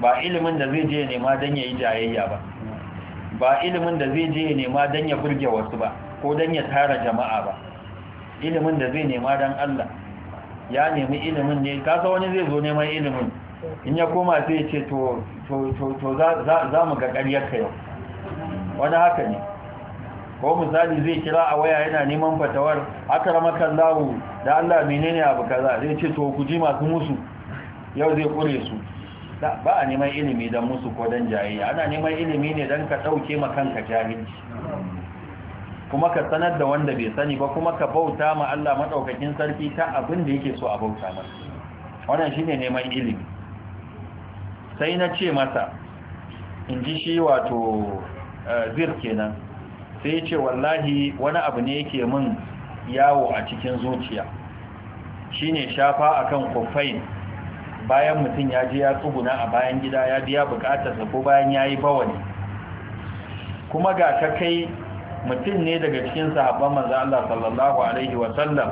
ba ilimin da zai je nema don ya yi jayayya ba ba ilimin da zai je nema don ya burge wasu ba ko don ya tara jama'a ba ilimin da zai nema don Allah ya nemi ilimin ne kasa wani zai zo neman ilimin in ya koma sai ce to za mu ga ƙaryar ka yau wani haka ne ko misali zai kira a waya yana neman fatawar akramaka Allah da Allah menene abu kaza zai ce to ku ji masu musu yau zai kure su ba a neman ilimi dan musu ko dan jayayya ana neman ilimi ne dan ka dauke ma kanka jahili kuma ka sanar da wanda bai sani ba kuma ka bauta ma Allah madaukakin sarki ta abin da yake so a bauta masa wannan shine neman ilimi sai na ce masa in ji shi wato eh, zir kenan sai ce wallahi wani abu ne yake min yawo a cikin zuciya shine shafa akan kufain bayan mutum ya je ya tsuguna a bayan gida ya biya sa ko bayan yayi bawani kuma ga ta kai mutum ne daga cikin sahabban manzo Allah sallallahu alaihi Sallam,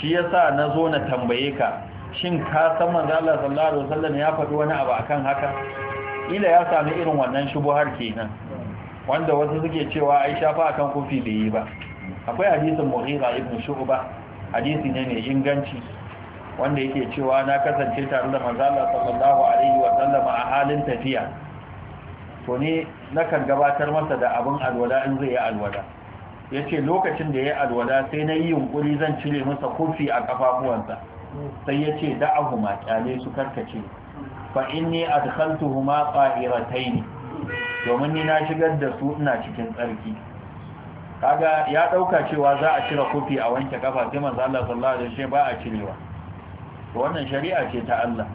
shi yasa na zo na tambaye ka shin ka san manzo Allah sallallahu alaihi Sallam ya faɗi wani abu akan haka ila ya sami irin wannan shubuhar kenan wanda wasu suke cewa ai shafa akan kofi bai yi ba akwai hadisin muhira ibn shu'ba hadisi ne mai inganci wanda yake cewa na kasance tare da manzo Allah sallallahu alaihi wa sallam a halin tafiya to ne nakan gabatar masa da abin alwala in zai yi alwala yace lokacin da yayi alwala sai na yi yunkuri zan cire masa kofi a kafafuwansa sai yace da'ahuma kyale su karkace fa inni adkhaltuhuma qahiratayn domin ni na shigar da su ina cikin tsarki kaga ya dauka cewa za a cire kofi a wanke kafa sai manzo Allah sallallahu alaihi wasallam ba a cirewa to wannan shari'a ce ta Allah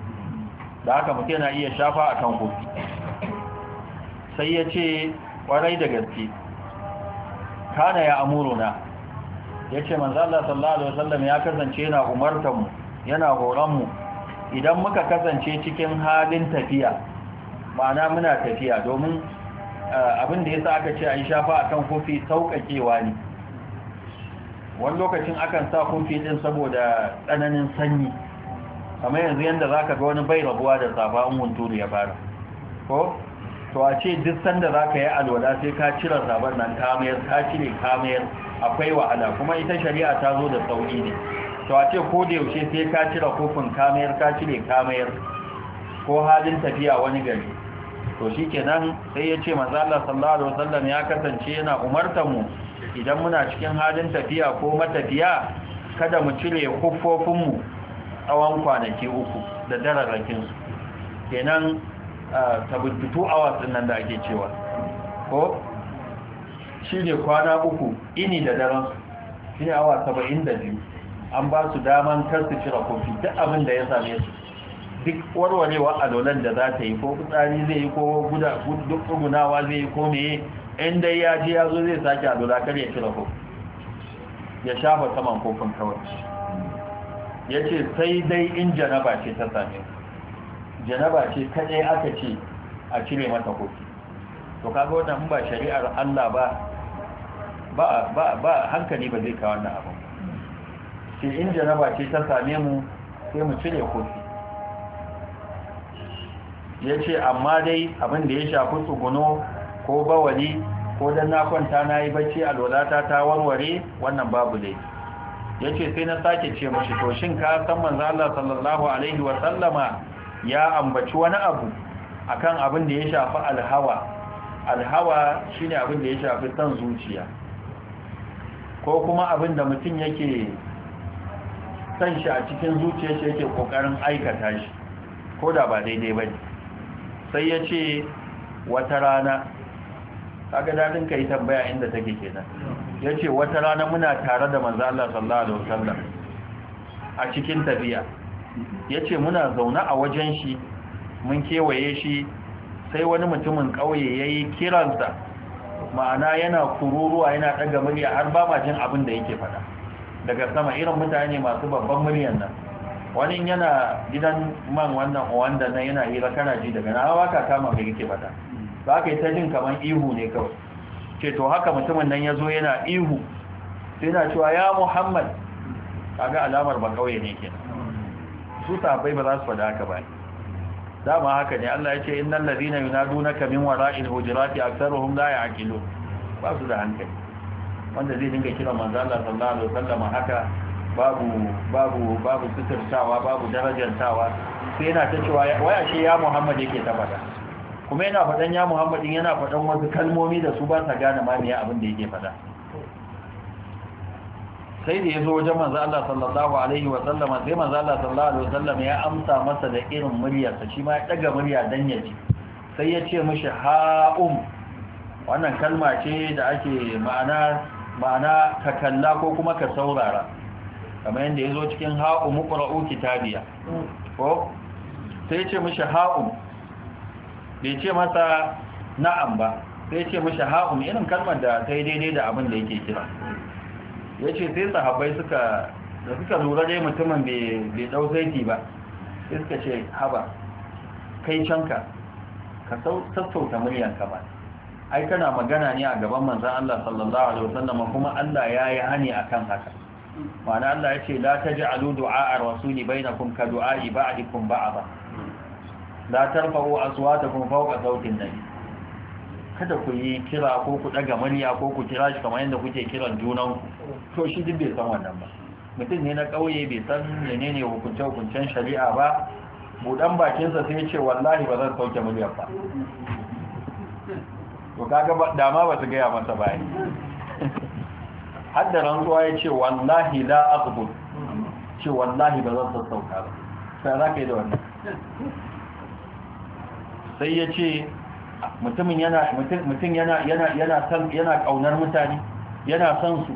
da haka mutum yana iya shafa akan kofi sai ya ce kwarai da gaske kana ya amuruna ya ce manzo Allah sallallahu alaihi wasallam ya kasance yana umartar mu yana horon mu idan muka kasance cikin halin tafiya ma'ana muna tafiya domin eh, abin da ya sa aka ce an shafa akan kofi sauƙaƙewa ne wani lokacin akan sa kofi ɗin saboda tsananin sanyi kamar yanzu yadda za ka ga wani bai rabuwa da safa in hunturu ya fara ko to a ce duk sanda za ka yi alwala sai ka cire sabon nan kamayar ka cire kamayar akwai wahala kuma ita shari'a ta zo da sauƙi ne to a ce ko da yaushe sai ka cire kofin kamayar ka cire kamayar ko halin tafiya wani gari to shi kenan sai ya ce mazala sallallahu alaihi wasallam ya kasance yana umartar mu idan muna cikin halin tafiya ko matafiya kada mu cire kuffofinmu tsawon kwanaki uku da dararrakin su kenan tabbatu a din nan da ake cewa ko shi ne kwana uku ini da daren shi ne awa 72 an ba su daman kar su cire kofi duk abin da ya same su duk warwarewa a daular da za ta yi ko fitsari zai yi ko duk gudunawa zai yi ko meye 'yan dai ya ji ya zo zai sake dola kar ya cire ko ya shafa saman kofin kawai ya ce sai dai in janaba ce ta same janaba ce kaɗai aka ce a cire mata kofi to kaga wannan ba shari'ar Allah ba ba ba hankali ba zai kawo wannan abu sai in janaba ce ta same mu sai mu cire kofi ya ce amma dai abin da ya shafi tsuguno ko bawali ko don na kwanta na yi bacci a lolata ta warware wannan babu dai ya ce sai na sake ce mashi to shin ka san manzo Allah sallallahu alaihi wa sallama ya ambaci wani abu akan abin da ya shafi alhawa alhawa shine abin da ya shafi san zuciya ko kuma abin da mutum yake san shi a cikin zuciyarsa yake kokarin aikata shi ko da ba daidai ba ne sai ya ce wata rana kaga ka yi tambaya inda take ya ce wata rana muna tare da manzala sallallahu ala'uwa a cikin tafiya ya ce muna zaune a wajen shi mun kewaye shi sai wani mutumin ya yi kiransa ma'ana yana kururuwa yana ɗaga murya har ba ma abin da yake faɗa daga sama irin mutane masu babban muryan nan wani yana gidan man wannan wanda nan yana hira kana ji daga nan ba ta kama mai kike fata ba mm. ka yi ta jin kamar ihu ne kawai ce to haka mutumin nan ya zo yana ihu sai na cewa ya muhammad kaga alamar ba kauye ne kenan. Mm. su bai ba za su fada haka ba dama haka ne Allah ya ce innal ladina yunadunaka min wara'il hujurati aktharuhum la ya'qilun ba su da hankali wanda zai dinga kira manzo Allah sallallahu alaihi wasallam haka babu babu babu suturtawa babu darajantawa sai yana ta cewa waya ce ya Muhammad yake ta faɗa kuma yana faɗan ya Muhammadin yana faɗan wasu kalmomi da su ba sa gane ma me abin da yake faɗa sai da yazo wajen manzo Allah sallallahu alaihi wa sallam sai manzo Allah sallallahu alaihi wa sallam ya amsa masa da irin muryarsa shi ma ya daga murya dan ya ji sai ya ce mishi ha'um wannan kalma ce da ake ma'ana ma'ana ka kalla ko kuma ka saurara kamar yadda ya zo cikin ha'u muqra'u kitabiya ko sai ce mashi ha'u bai ce masa na'am ba sai ce mashi ha'u irin kalmar da ta yi daidai da abin da yake kira ya ce sai sahabbai suka da suka lura dai mutumin bai dau zaiti ba sai suka ce haba kai canka ka sassauta muryanka ba ai kana magana ne a gaban manzan Allah sallallahu alaihi wasallam kuma Allah ya yi hani a kan haka ma'ana Allah ya ce la taj'alu du'a ar-rasuli bainakum ka du'a ba'dikum ba'da la tarfa'u aswatakum fawqa sautin nabi kada ku yi kira ko ku daga murya ko ku kira shi kamar yadda kuke kiran junan to shi duk bai san wannan ba mutum ne na kauye bai san menene hukunce hukuncen shari'a ba budan bakinsa sai ya ce wallahi ba zan sauke muryar ba to kaga dama ba su gaya masa bayani hadda rantsuwa ya ce wallahi la aqbul ce wallahi ba zan sassauka ba sai za ka yi da wannan sai ya ce mutum yana kaunar mutane yana son su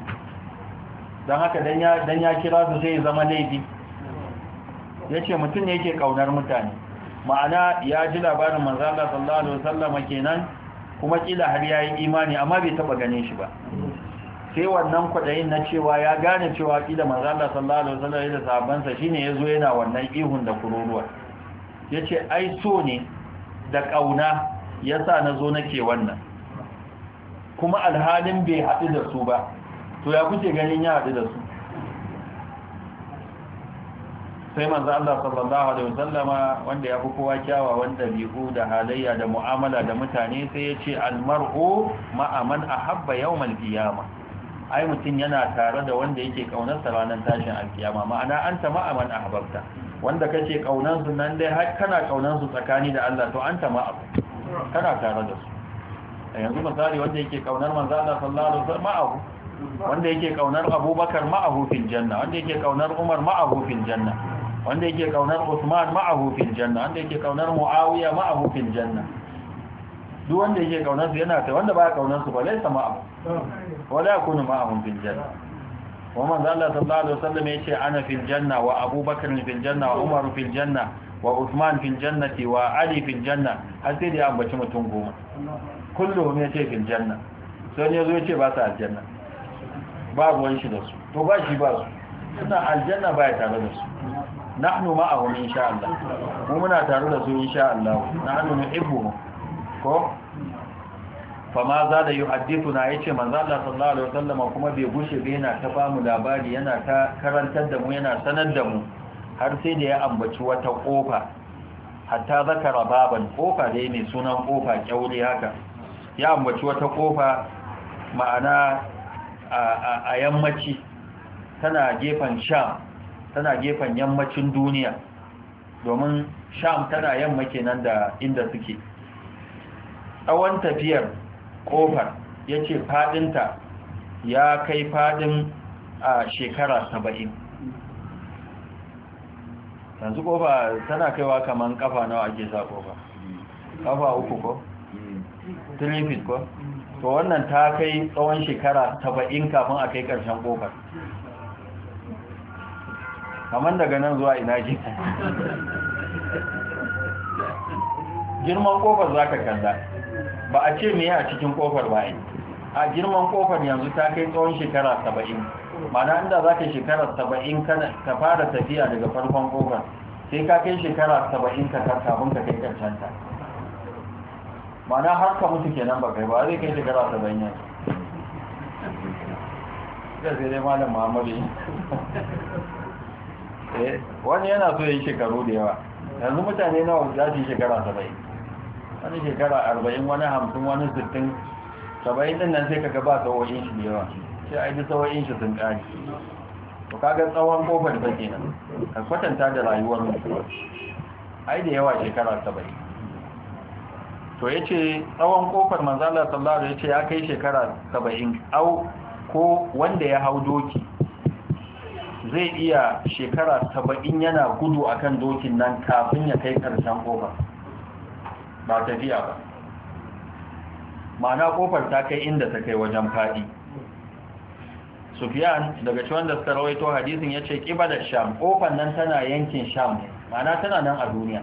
don haka don ya kira su sai zama laifi Ya ce mutum ne yake kaunar mutane ma'ana ya ji labarin manzo Allah sallallahu ala'uwa kenan kuma kila har yayi imani amma bai taba gane shi ba sai wannan kwaɗayin na cewa ya gane cewa ƙida Allah sallallahu alaihi wasallam da sahabbansa shine yazo yana wannan ihun da kururuwa yace ai so ne da kauna yasa nazo nake wannan kuma alhalin bai haɗu da su ba to ya kuke ganin ya haɗu da su sai manzo Allah sallallahu alaihi wasallama wanda ya fi kowa kyawawan dabi'u da halayya da mu'amala da mutane sai yace almar'u ma'aman ahabba yawmal qiyamah ai mutum yana tare da wanda yake kaunarsa ranar tashin alkiyama ma'ana an ta ma'aman ahbabta wanda kace kaunansu nan dai har kana kaunansu tsakani da Allah to an ta ma'ab kana tare da su yanzu misali wanda yake kaunar manzo Allah sallallahu alaihi wasallam ma'ahu wanda yake kaunar Abubakar ma'ahu fil janna wanda yake kaunar Umar ma'ahu fil janna wanda yake kaunar Uthman ma'ahu fil janna wanda yake kaunar Muawiya ma'ahu fil janna duk wanda yake kaunar su yana ta wanda baya kaunar su ba laisa ma'ahu wala kunu ma'ahum fil janna wa man zalla sallallahu alaihi wasallam yace ana fil janna wa Abu Bakr fil janna wa Umar fil janna wa Uthman fil jannati wa Ali fil janna har sai da ya ambaci mutum goma kullum yace fil janna sai zo yace ba sa aljanna babu wani shi da su to ba shi ba su suna aljanna ba ya tare da su nahnu ma'ahum insha Allah mu muna tare da su insha Allah nahnu nuhibbuhum ko fama za da yi na ya ce manzala sallallahu alaihi wasallama kuma bai gushe bai yana ta bamu labari yana ta karantar da mu yana sanar da mu har sai da ya ambaci wata kofa hatta zakara baban kofa dai mai sunan kofa kyauri haka ya ambaci wata kofa ma'ana a yammaci tana gefen sham tana gefen yammacin duniya domin sham tana yamma kenan da inda suke tsawon tafiyar kofar ya ce fadinta ya kai fadin a shekara saba'in yanzu kofa tana kaiwa kamar kafa nawa ake sa kofa kafa uku ko? 3 ko? to wannan ta kai tsawon shekara saba'in kafin a kai ƙarshen kofar kamar daga nan zuwa ina ji girman kofar za ka kalla ba a ce meye a cikin kofar ba a girman kofar yanzu ta kai tsawon shekara saba'in mana inda za ka shekara saba'in ka fara tafiya daga farkon kofar sai ka kai shekara saba'in ka kafin ka kai karshenta mana har ka mutu kenan ba kai ba zai kai shekara saba'in yanzu ga dai malam muhammadu eh, wani yana so ya yi shekaru da yawa yanzu mutane nawa za su yi shekara saba'in wani shekara arba'in wani hamsin wani sittin saba'in din nan sai kaga ba tsawo'in shi yawa sai a yi tsawo'in shi sun ƙari to kaga tsawon kofar da nan, ka kwatanta da rayuwar mu ai da yawa shekara saba'in to ya ce tsawon kofar manzala sallallahu ya ce ya kai shekara saba'in au ko wanda ya hau doki zai iya shekara saba'in yana gudu akan dokin nan kafin ya kai karshen kofar ba tafiya ba ma'ana kofar ta kai inda ta kai wajen faɗi sufiyan daga ci da suka rawaito hadisin ya ce da sham kofar nan tana yankin sham ma'ana tana nan a duniya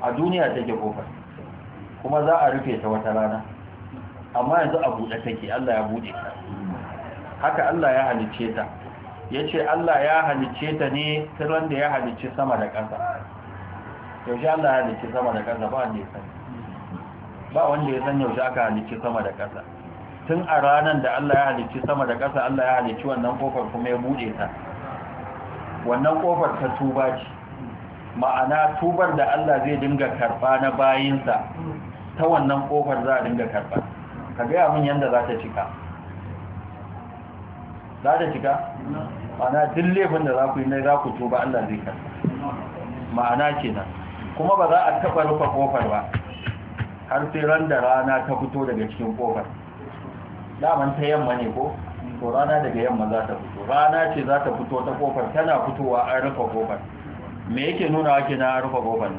a duniya take kofar kuma za a rufe ta wata rana amma yanzu a buɗe take allah ya buɗe ta haka allah ya halicce ta ya ce allah ya halicce ta ne tiran da ya halicci sama da ƙasa yaushe Allah ya halicci sama da ƙasa ba wanda ya sani ba wanda ya san yaushe aka halicci sama da ƙasa tun a ranar da Allah ya halicci sama da ƙasa Allah ya halicci wannan kofar kuma ya buɗe ta wannan kofar ta tuba ce ma'ana tubar da Allah zai dinga karɓa na bayinsa ta wannan kofar za a dinga karɓa ka gaya min yadda za ta cika za ta cika ma'ana duk laifin da za ku yi na za ku tuba Allah zai karɓa ma'ana kenan kuma ba za a taɓa rufe ƙofar ba har sai ran da rana ta fito daga cikin ƙofar daman ta yamma ne ko to rana daga yamma za ta fito rana ce za ta fito ta ƙofar tana fitowa an rufe ƙofar me yake nuna wake na rufe ƙofar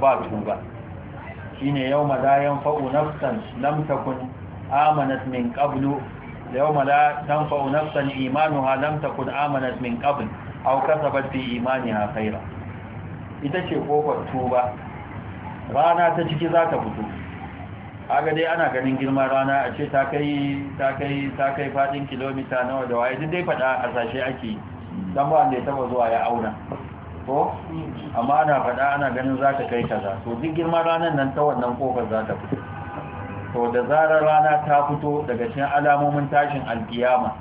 ba tuba shine yau ma la yanfa'u nafsan lam takun amanat min qablu yau ma la tanfa'u nafsan imanuha lam takun amanat min qabl aw kasabat fi imaniha khaira ita ce kofar tuba rana ta ciki za ta fito aga dai ana ganin girman rana a ce ta kai fadin kilomita nawa da waye dai fada a sashe ake dan ba wanda ya taba zuwa ya auna ko amma ana fada ana ganin za ta kai kaza to duk girman ranar nan ta wannan kofar za ta fito to da zarar rana ta fito daga cikin alamomin tashin alkiyama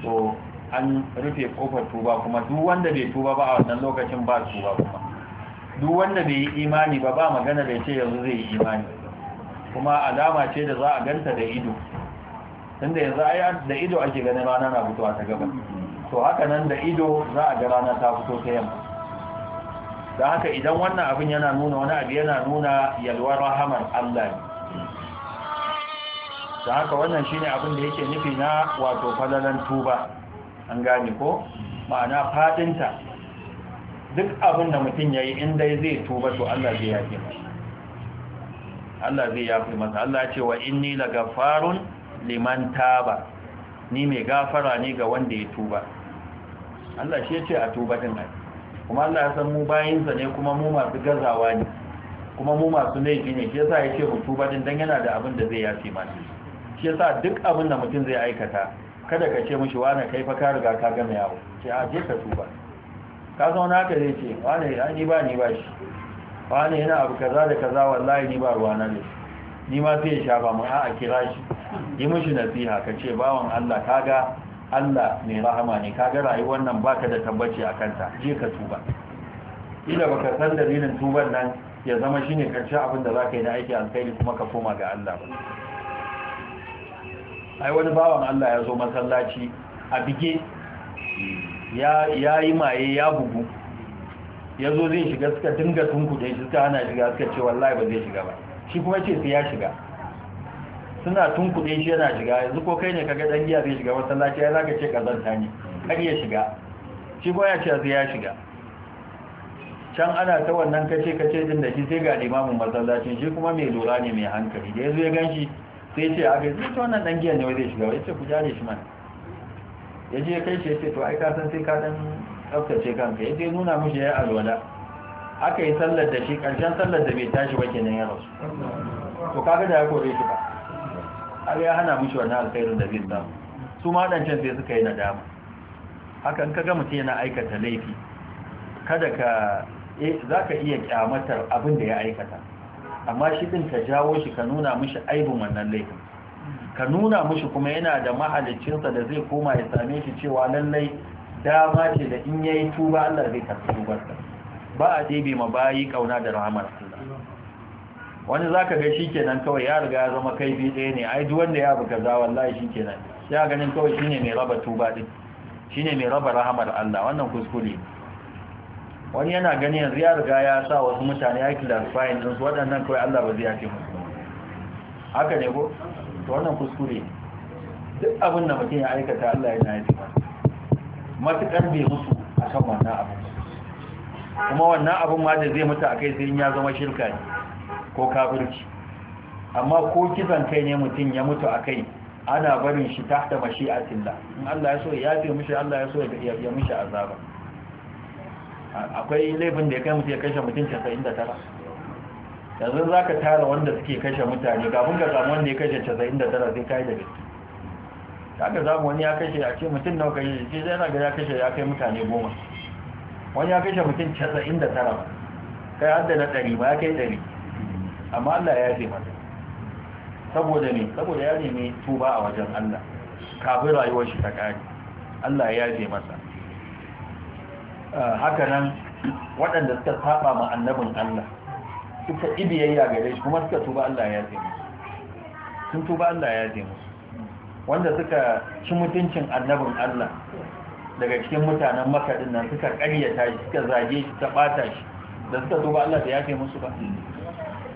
to an rufe kofar tuba kuma duk wanda bai tuba ba a wannan lokacin ba tuba kuma duk wanda bai yi imani ba ba magana da ce yanzu zai yi imani kuma alama ce da za a ganta da ido tunda yanzu ai da ido ake ganin rana na fitowa ta gaba to haka nan da ido za a ga rana ta fito ta yamma Da haka idan wannan abin yana nuna wani abu yana nuna yalwar rahamar Allah ne Da haka wannan shine abin da yake nufi na wato falalan tuba an gane ko ma'ana fadinta duk abin da mutum ya yi inda zai tuba to Allah zai yafe masa Allah zai yafe masa Allah ce wa inni gafarun liman taba ni mai gafara ne ga wanda ya tuba Allah shi ya ce a tuba din ai kuma Allah ya san mu bayinsa ne kuma mu masu gazawa ne kuma mu masu laifi ne shi yasa ya ce mu tuba din dan yana da abin da zai yafe masa shi yasa duk abin da mutum zai aikata kada ka ce mishi wani kai fa ka riga ka gama yawo sai a je ka tuba ka wani haka zai ce wane an yi ba ni ba shi wane yana abu kaza da kaza wallahi ni ba ruwa na ne ni ma sai ya sha ba mun a kira shi yi mishi nasiha ka ce bawan Allah kaga Allah mai rahama ne kaga rayuwar nan baka da tabbaci a kanta je ka tuba ila baka san dalilin tuban nan ya zama shine karshe abin da zaka yi na aiki alkhairi kuma ka koma ga Allah ba. ai wani bawan Allah ya zo masallaci a bige ya yi maye ya bugu ya zo zai shiga suka dinga tunkuɗe shi suka hana shiga suka ce wallahi ba zai shiga ba shi kuma ce sai ya shiga suna tunkuɗe shi yana shiga yanzu ko kai ne kaga ɗan giya zai shiga masallaci ya zaka ce kazanta ne har ya shiga shi ko ya ce sai ya shiga can ana ta wannan kace kace din da shi sai ga limamin masallacin shi kuma mai lura ne mai hankali da yazo ya ganshi sai ya ce a ga zai ce wannan ɗan giya ne wai zai shiga wai ya ce ku jare shi mana ya je kai shi ya ce to ai ka san sai ka dan tsaftace kanka ya je nuna mishi ya alwala aka yi sallar da shi ƙarshen sallar da bai tashi ba kenan ya rasu to kaga da ya kore shi ba ai ya hana mishi wannan alkhairin da zai samu su ma can sai suka yi nadama haka in kaga mutum yana aikata laifi kada ka eh, za ka iya kyamatar abin da ya aikata amma shi din ka jawo shi ka nuna mishi aibin wannan laifin ka nuna mushi kuma yana da mahalicinsa da zai koma ya same shi cewa lallai dama ce da in yayi tuba Allah zai karɓi tubarsa ba a ɗebe ma bayi kauna da rahamar Allah wani zaka ga shikenan kawai ya riga ya zama kai bi ɗaya ne ai duk wanda ya buga za wallahi shikenan ya ganin kawai shine mai raba tuba din shine mai raba rahamar Allah wannan kuskure wani yana gani yanzu ya riga ya sa wasu mutane ya fine din su waɗannan kawai Allah ba zai yafe musu haka ne ko to wannan kuskure duk abin da mutum ya aikata Allah yana yi matuƙar bai mutu a kan wannan abu kuma wannan abin ma da zai mutu a kai sai ya zama shirka ne ko kafirci amma ko kisan kai ne mutum ya mutu a kai ana barin shi a tilla in Allah ya so ya fi mushi Allah ya so ya mushi azaba akwai laifin da ya kai mutum ya kashe mutum 99 yanzu za ka tara wanda suke kashe mutane kafin ka samu wanda ya kashe 99 sai kai da gaske haka za wani ya kashe a ce mutum nawa kashe shi sai yana ga ya kashe ya kai mutane goma wani ya kashe mutum 99 kai hadda na 100 ba ya kai 100 amma Allah ya yafe masa saboda ne saboda ya nemi tuba a wajen Allah kafin rayuwar shi ta kare Allah ya yafe masa ah, haka nan waɗanda suka saba ma annabin Allah suka ibiyayya gare shi kuma suka tuba Allah ya zai sun tuba Allah ya zai wanda suka ci mutuncin annabin Allah daga cikin mutanen makaɗin nan suka ƙaryata shi suka zage shi ta ɓata shi da suka tuba Allah da ya fi musu ba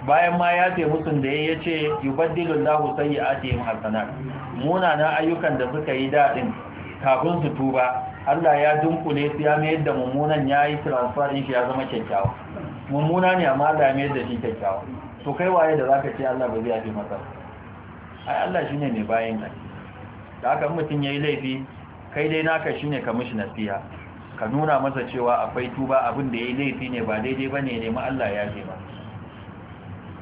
bayan ma ya fi musun da ya ce yubaddilu lahu sayyi'atihim hasanat munana ayyukan da suka yi dadin kafin su tuba Allah ya dunkule su ya mayar da mummunan yayi transfer shi ya zama kyakkyawa mummuna ne amma Allah ya da shi kyakkyawa to kai waye da zaka ce Allah ba zai yi maka ai Allah shine mai bayin ka da haka mutum yayi laifi kai dai naka shine ka mishi nasiha ka nuna masa cewa akwai tuba abin da yayi laifi ne ba daidai bane ne ma Allah ya ce ba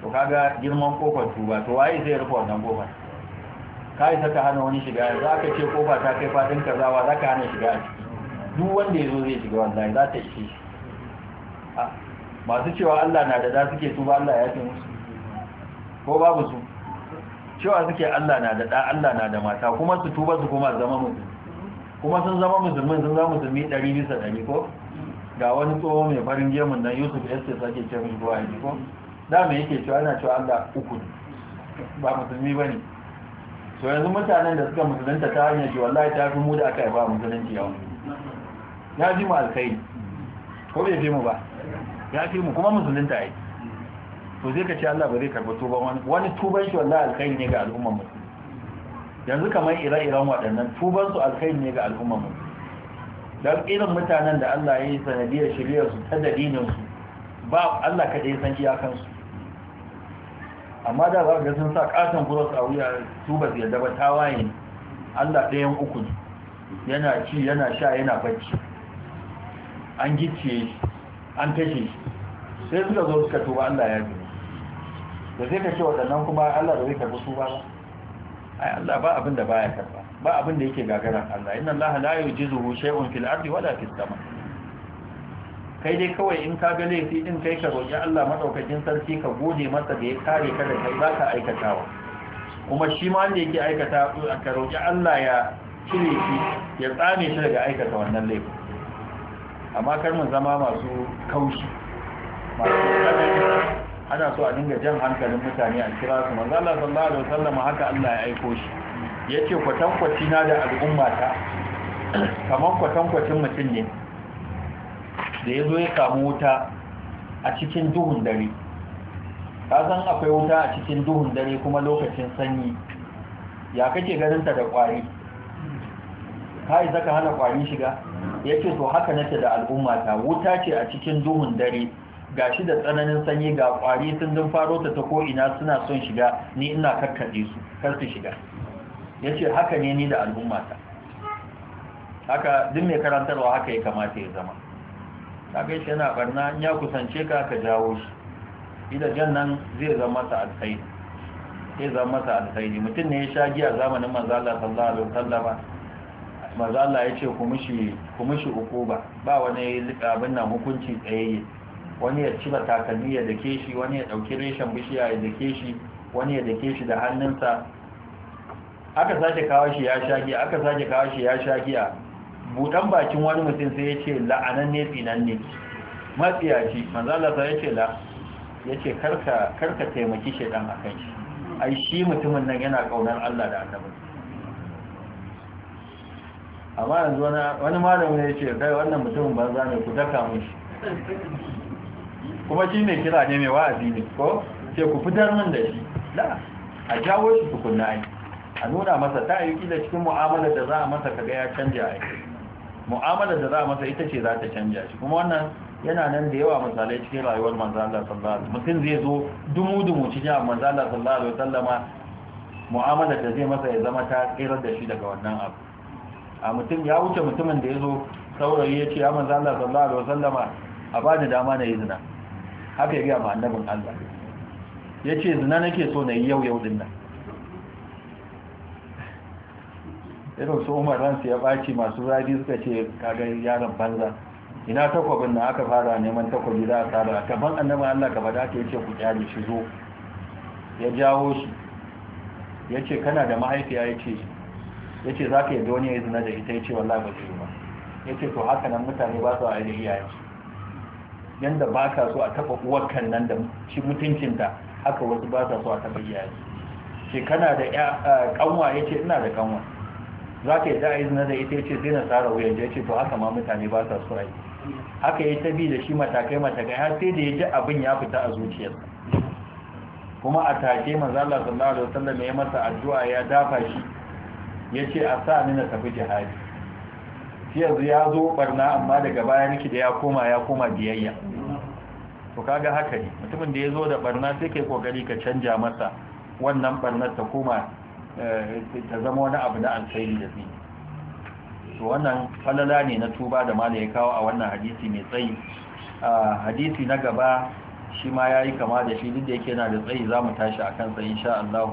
to kaga girman kofar tuba to waye zai rufe wannan kofar kai saka hana wani shiga zaka ce kofa ta kai fadin kazawa zaka hana shiga duk wanda yazo zai shiga wallahi za ta ishe shi masu cewa Allah na da da suke tuba Allah ya ce musu ko babu su cewa suke Allah na da Allah na da mata kuma su tuba su kuma zama musu. kuma sun zama musulmin sun zama musulmi 100 100 ko ga wani tsoho mai farin gemun nan Yusuf ce sake ce mun ruwa ne ko da me yake cewa ana cewa Allah uku ba musulmi bane to yanzu mutanen da suka musulunta ta hanyar shi wallahi ta fi mu da aka yi ba musulunci yau ya ji mu alkai ko bai fi mu ba ya fi mu kuma musulunta yi. to zai ka ce Allah ba zai karɓi ba wani wani tuban shi wanda alkhairi ne ga al'umman mu yanzu kamar ire-iren waɗannan tuban su alkhairi ne ga al'umman mu dan irin mutanen da Allah ya yi sanadiyar shirya su ta dalilin su ba Allah kadai san iya kansu amma da za ga sun sa katon su a wuya su ba su yadda ba tawaye Allah ɗayan uku yana ci yana sha yana bacci an gicciye shi an kashe shi sai suka zo suka tuba Allah ya bi da zai ka ce waɗannan kuma Allah da zai karɓi su ba ai Allah ba abin da baya karɓa ba abin da yake gagaran Allah inna Allah la yujizuhu shay'un fil ardi wala fis sama kai dai kawai in ka ga laifi din kai ka roki Allah madaukakin sarki ka gode masa da ya kare ka da kai baka aikatawa kuma shi ma wanda yake aikata ka roki Allah ya cire shi ya tsame shi daga aikata wannan laifin amma kar mu zama masu kaushi masu kaushi ana so a dinga jan hankalin mutane a kira su manzo Allah sallallahu alaihi wasallam haka Allah ya aiko shi yace kwatankwaci na da al'umma ta kamar kwatankwacin mutum ne da yazo ya samu wuta a cikin duhun dare Ka san akwai wuta a cikin duhun dare kuma lokacin sanyi ya kake ganin ta da kwari kai zaka hana kwari shiga ya ce to haka nake da al'ummata wuta ce a cikin duhun dare ga shi da tsananin sanyi ga kwari sun dun faro ta ta ko'ina suna son shiga ni ina kakkaɗe su kar su shiga ya ce haka ne ni da al'ummata haka duk mai karantarwa haka ya kamata ya zama ta gaishe yana barna ya kusance ka ka jawo shi jan nan zai zama masa alkhairi zai zama masa alkhairi mutum ne ya sha giya zamanin manzo Allah sallallahu alaihi wasallam manzo Allah ya ce ku mishi ku mishi ba wani abin nan hukunci tsayayye wani ya ciba takalmi ya dake shi wani ya dauki reshen bishiya ya dake shi wani ya dake shi da hannunsa aka sake kawo shi ya shagiya aka sake kawo shi ya shagiya budan bakin wani mutum sai ya ce la'anan ne tsinan ne matsiyaci manzo Allah sai ya ce la ce karka karka taimaki shedan akan shi ai shi mutumin nan yana kaunar Allah da annabinsa amma yanzu wani malamin ya ce kai wannan mutumin banza ne ku daka mushi kuma shi ne kira ne mai wa'azi ne ko ce ku fitar min da shi la a jawo shi tukunna ai a nuna masa ta yi kila cikin mu'amalar da za a masa kaga ya canja ai mu'amalar da za a masa ita ce za ta canja shi kuma wannan yana nan da yawa misalai cikin rayuwar manzo Allah sallallahu alaihi mutum zai zo dumu-dumu cikin manzo Allah sallallahu alaihi wasallama mu'amalar da zai masa ya zama ta kirar da shi daga wannan abu a mutum ya wuce mutumin da ya zo saurayi ya ce ya manza Allah sallallahu alaihi wasallama a ba da dama na yi zina haka ya gaya ma annabin Allah ya ce zina nake so na yi yau yau din nan irin su umar ransu ya ɓaci masu zafi suka ce kaga yaron banza ina takwabin na aka fara neman takwabi za a tsara Ka ban annabin Allah gaba da ka yace ku kyale shi zo ya jawo shi ya ce kana da mahaifiya ya ce ya ce za ka yadda wani ya zina da ita ya ce wallahi ba zai yi ba ya ce to haka nan mutane ba su a ainihin iyayensu yadda ba ka so a taɓa uwakan nan da shi mutuncinta haka wasu ba sa so a taɓa yi ce kana da kanwa ya ce ina da kanwa za ka yadda a yi zina da ita ya ce zai na tsara wuyan ya ce to haka ma mutane ba sa so a yi haka ya ta bi da shi matakai matakai har sai da ya ji abin ya fita a zuciyarsa kuma a take manzo Allah sallallahu alaihi wasallam ya masa addu'a ya dafa shi ya ce a sa ni na tafi jihadi shi yanzu ya zo barna amma daga baya niki da ya koma ya koma biyayya to kaga haka ne mutumin da ya zo da barna sai kai kokari ka canja masa wannan barnar ta koma eh, ta zama wani abu na alkhairi da zai to wannan falala ne na tuba da mala ya kawo a wannan hadisi mai tsayi hadisi na gaba shi ma ya yi kama da shi duk da yake yana da tsayi za mu tashi a kansa insha Allah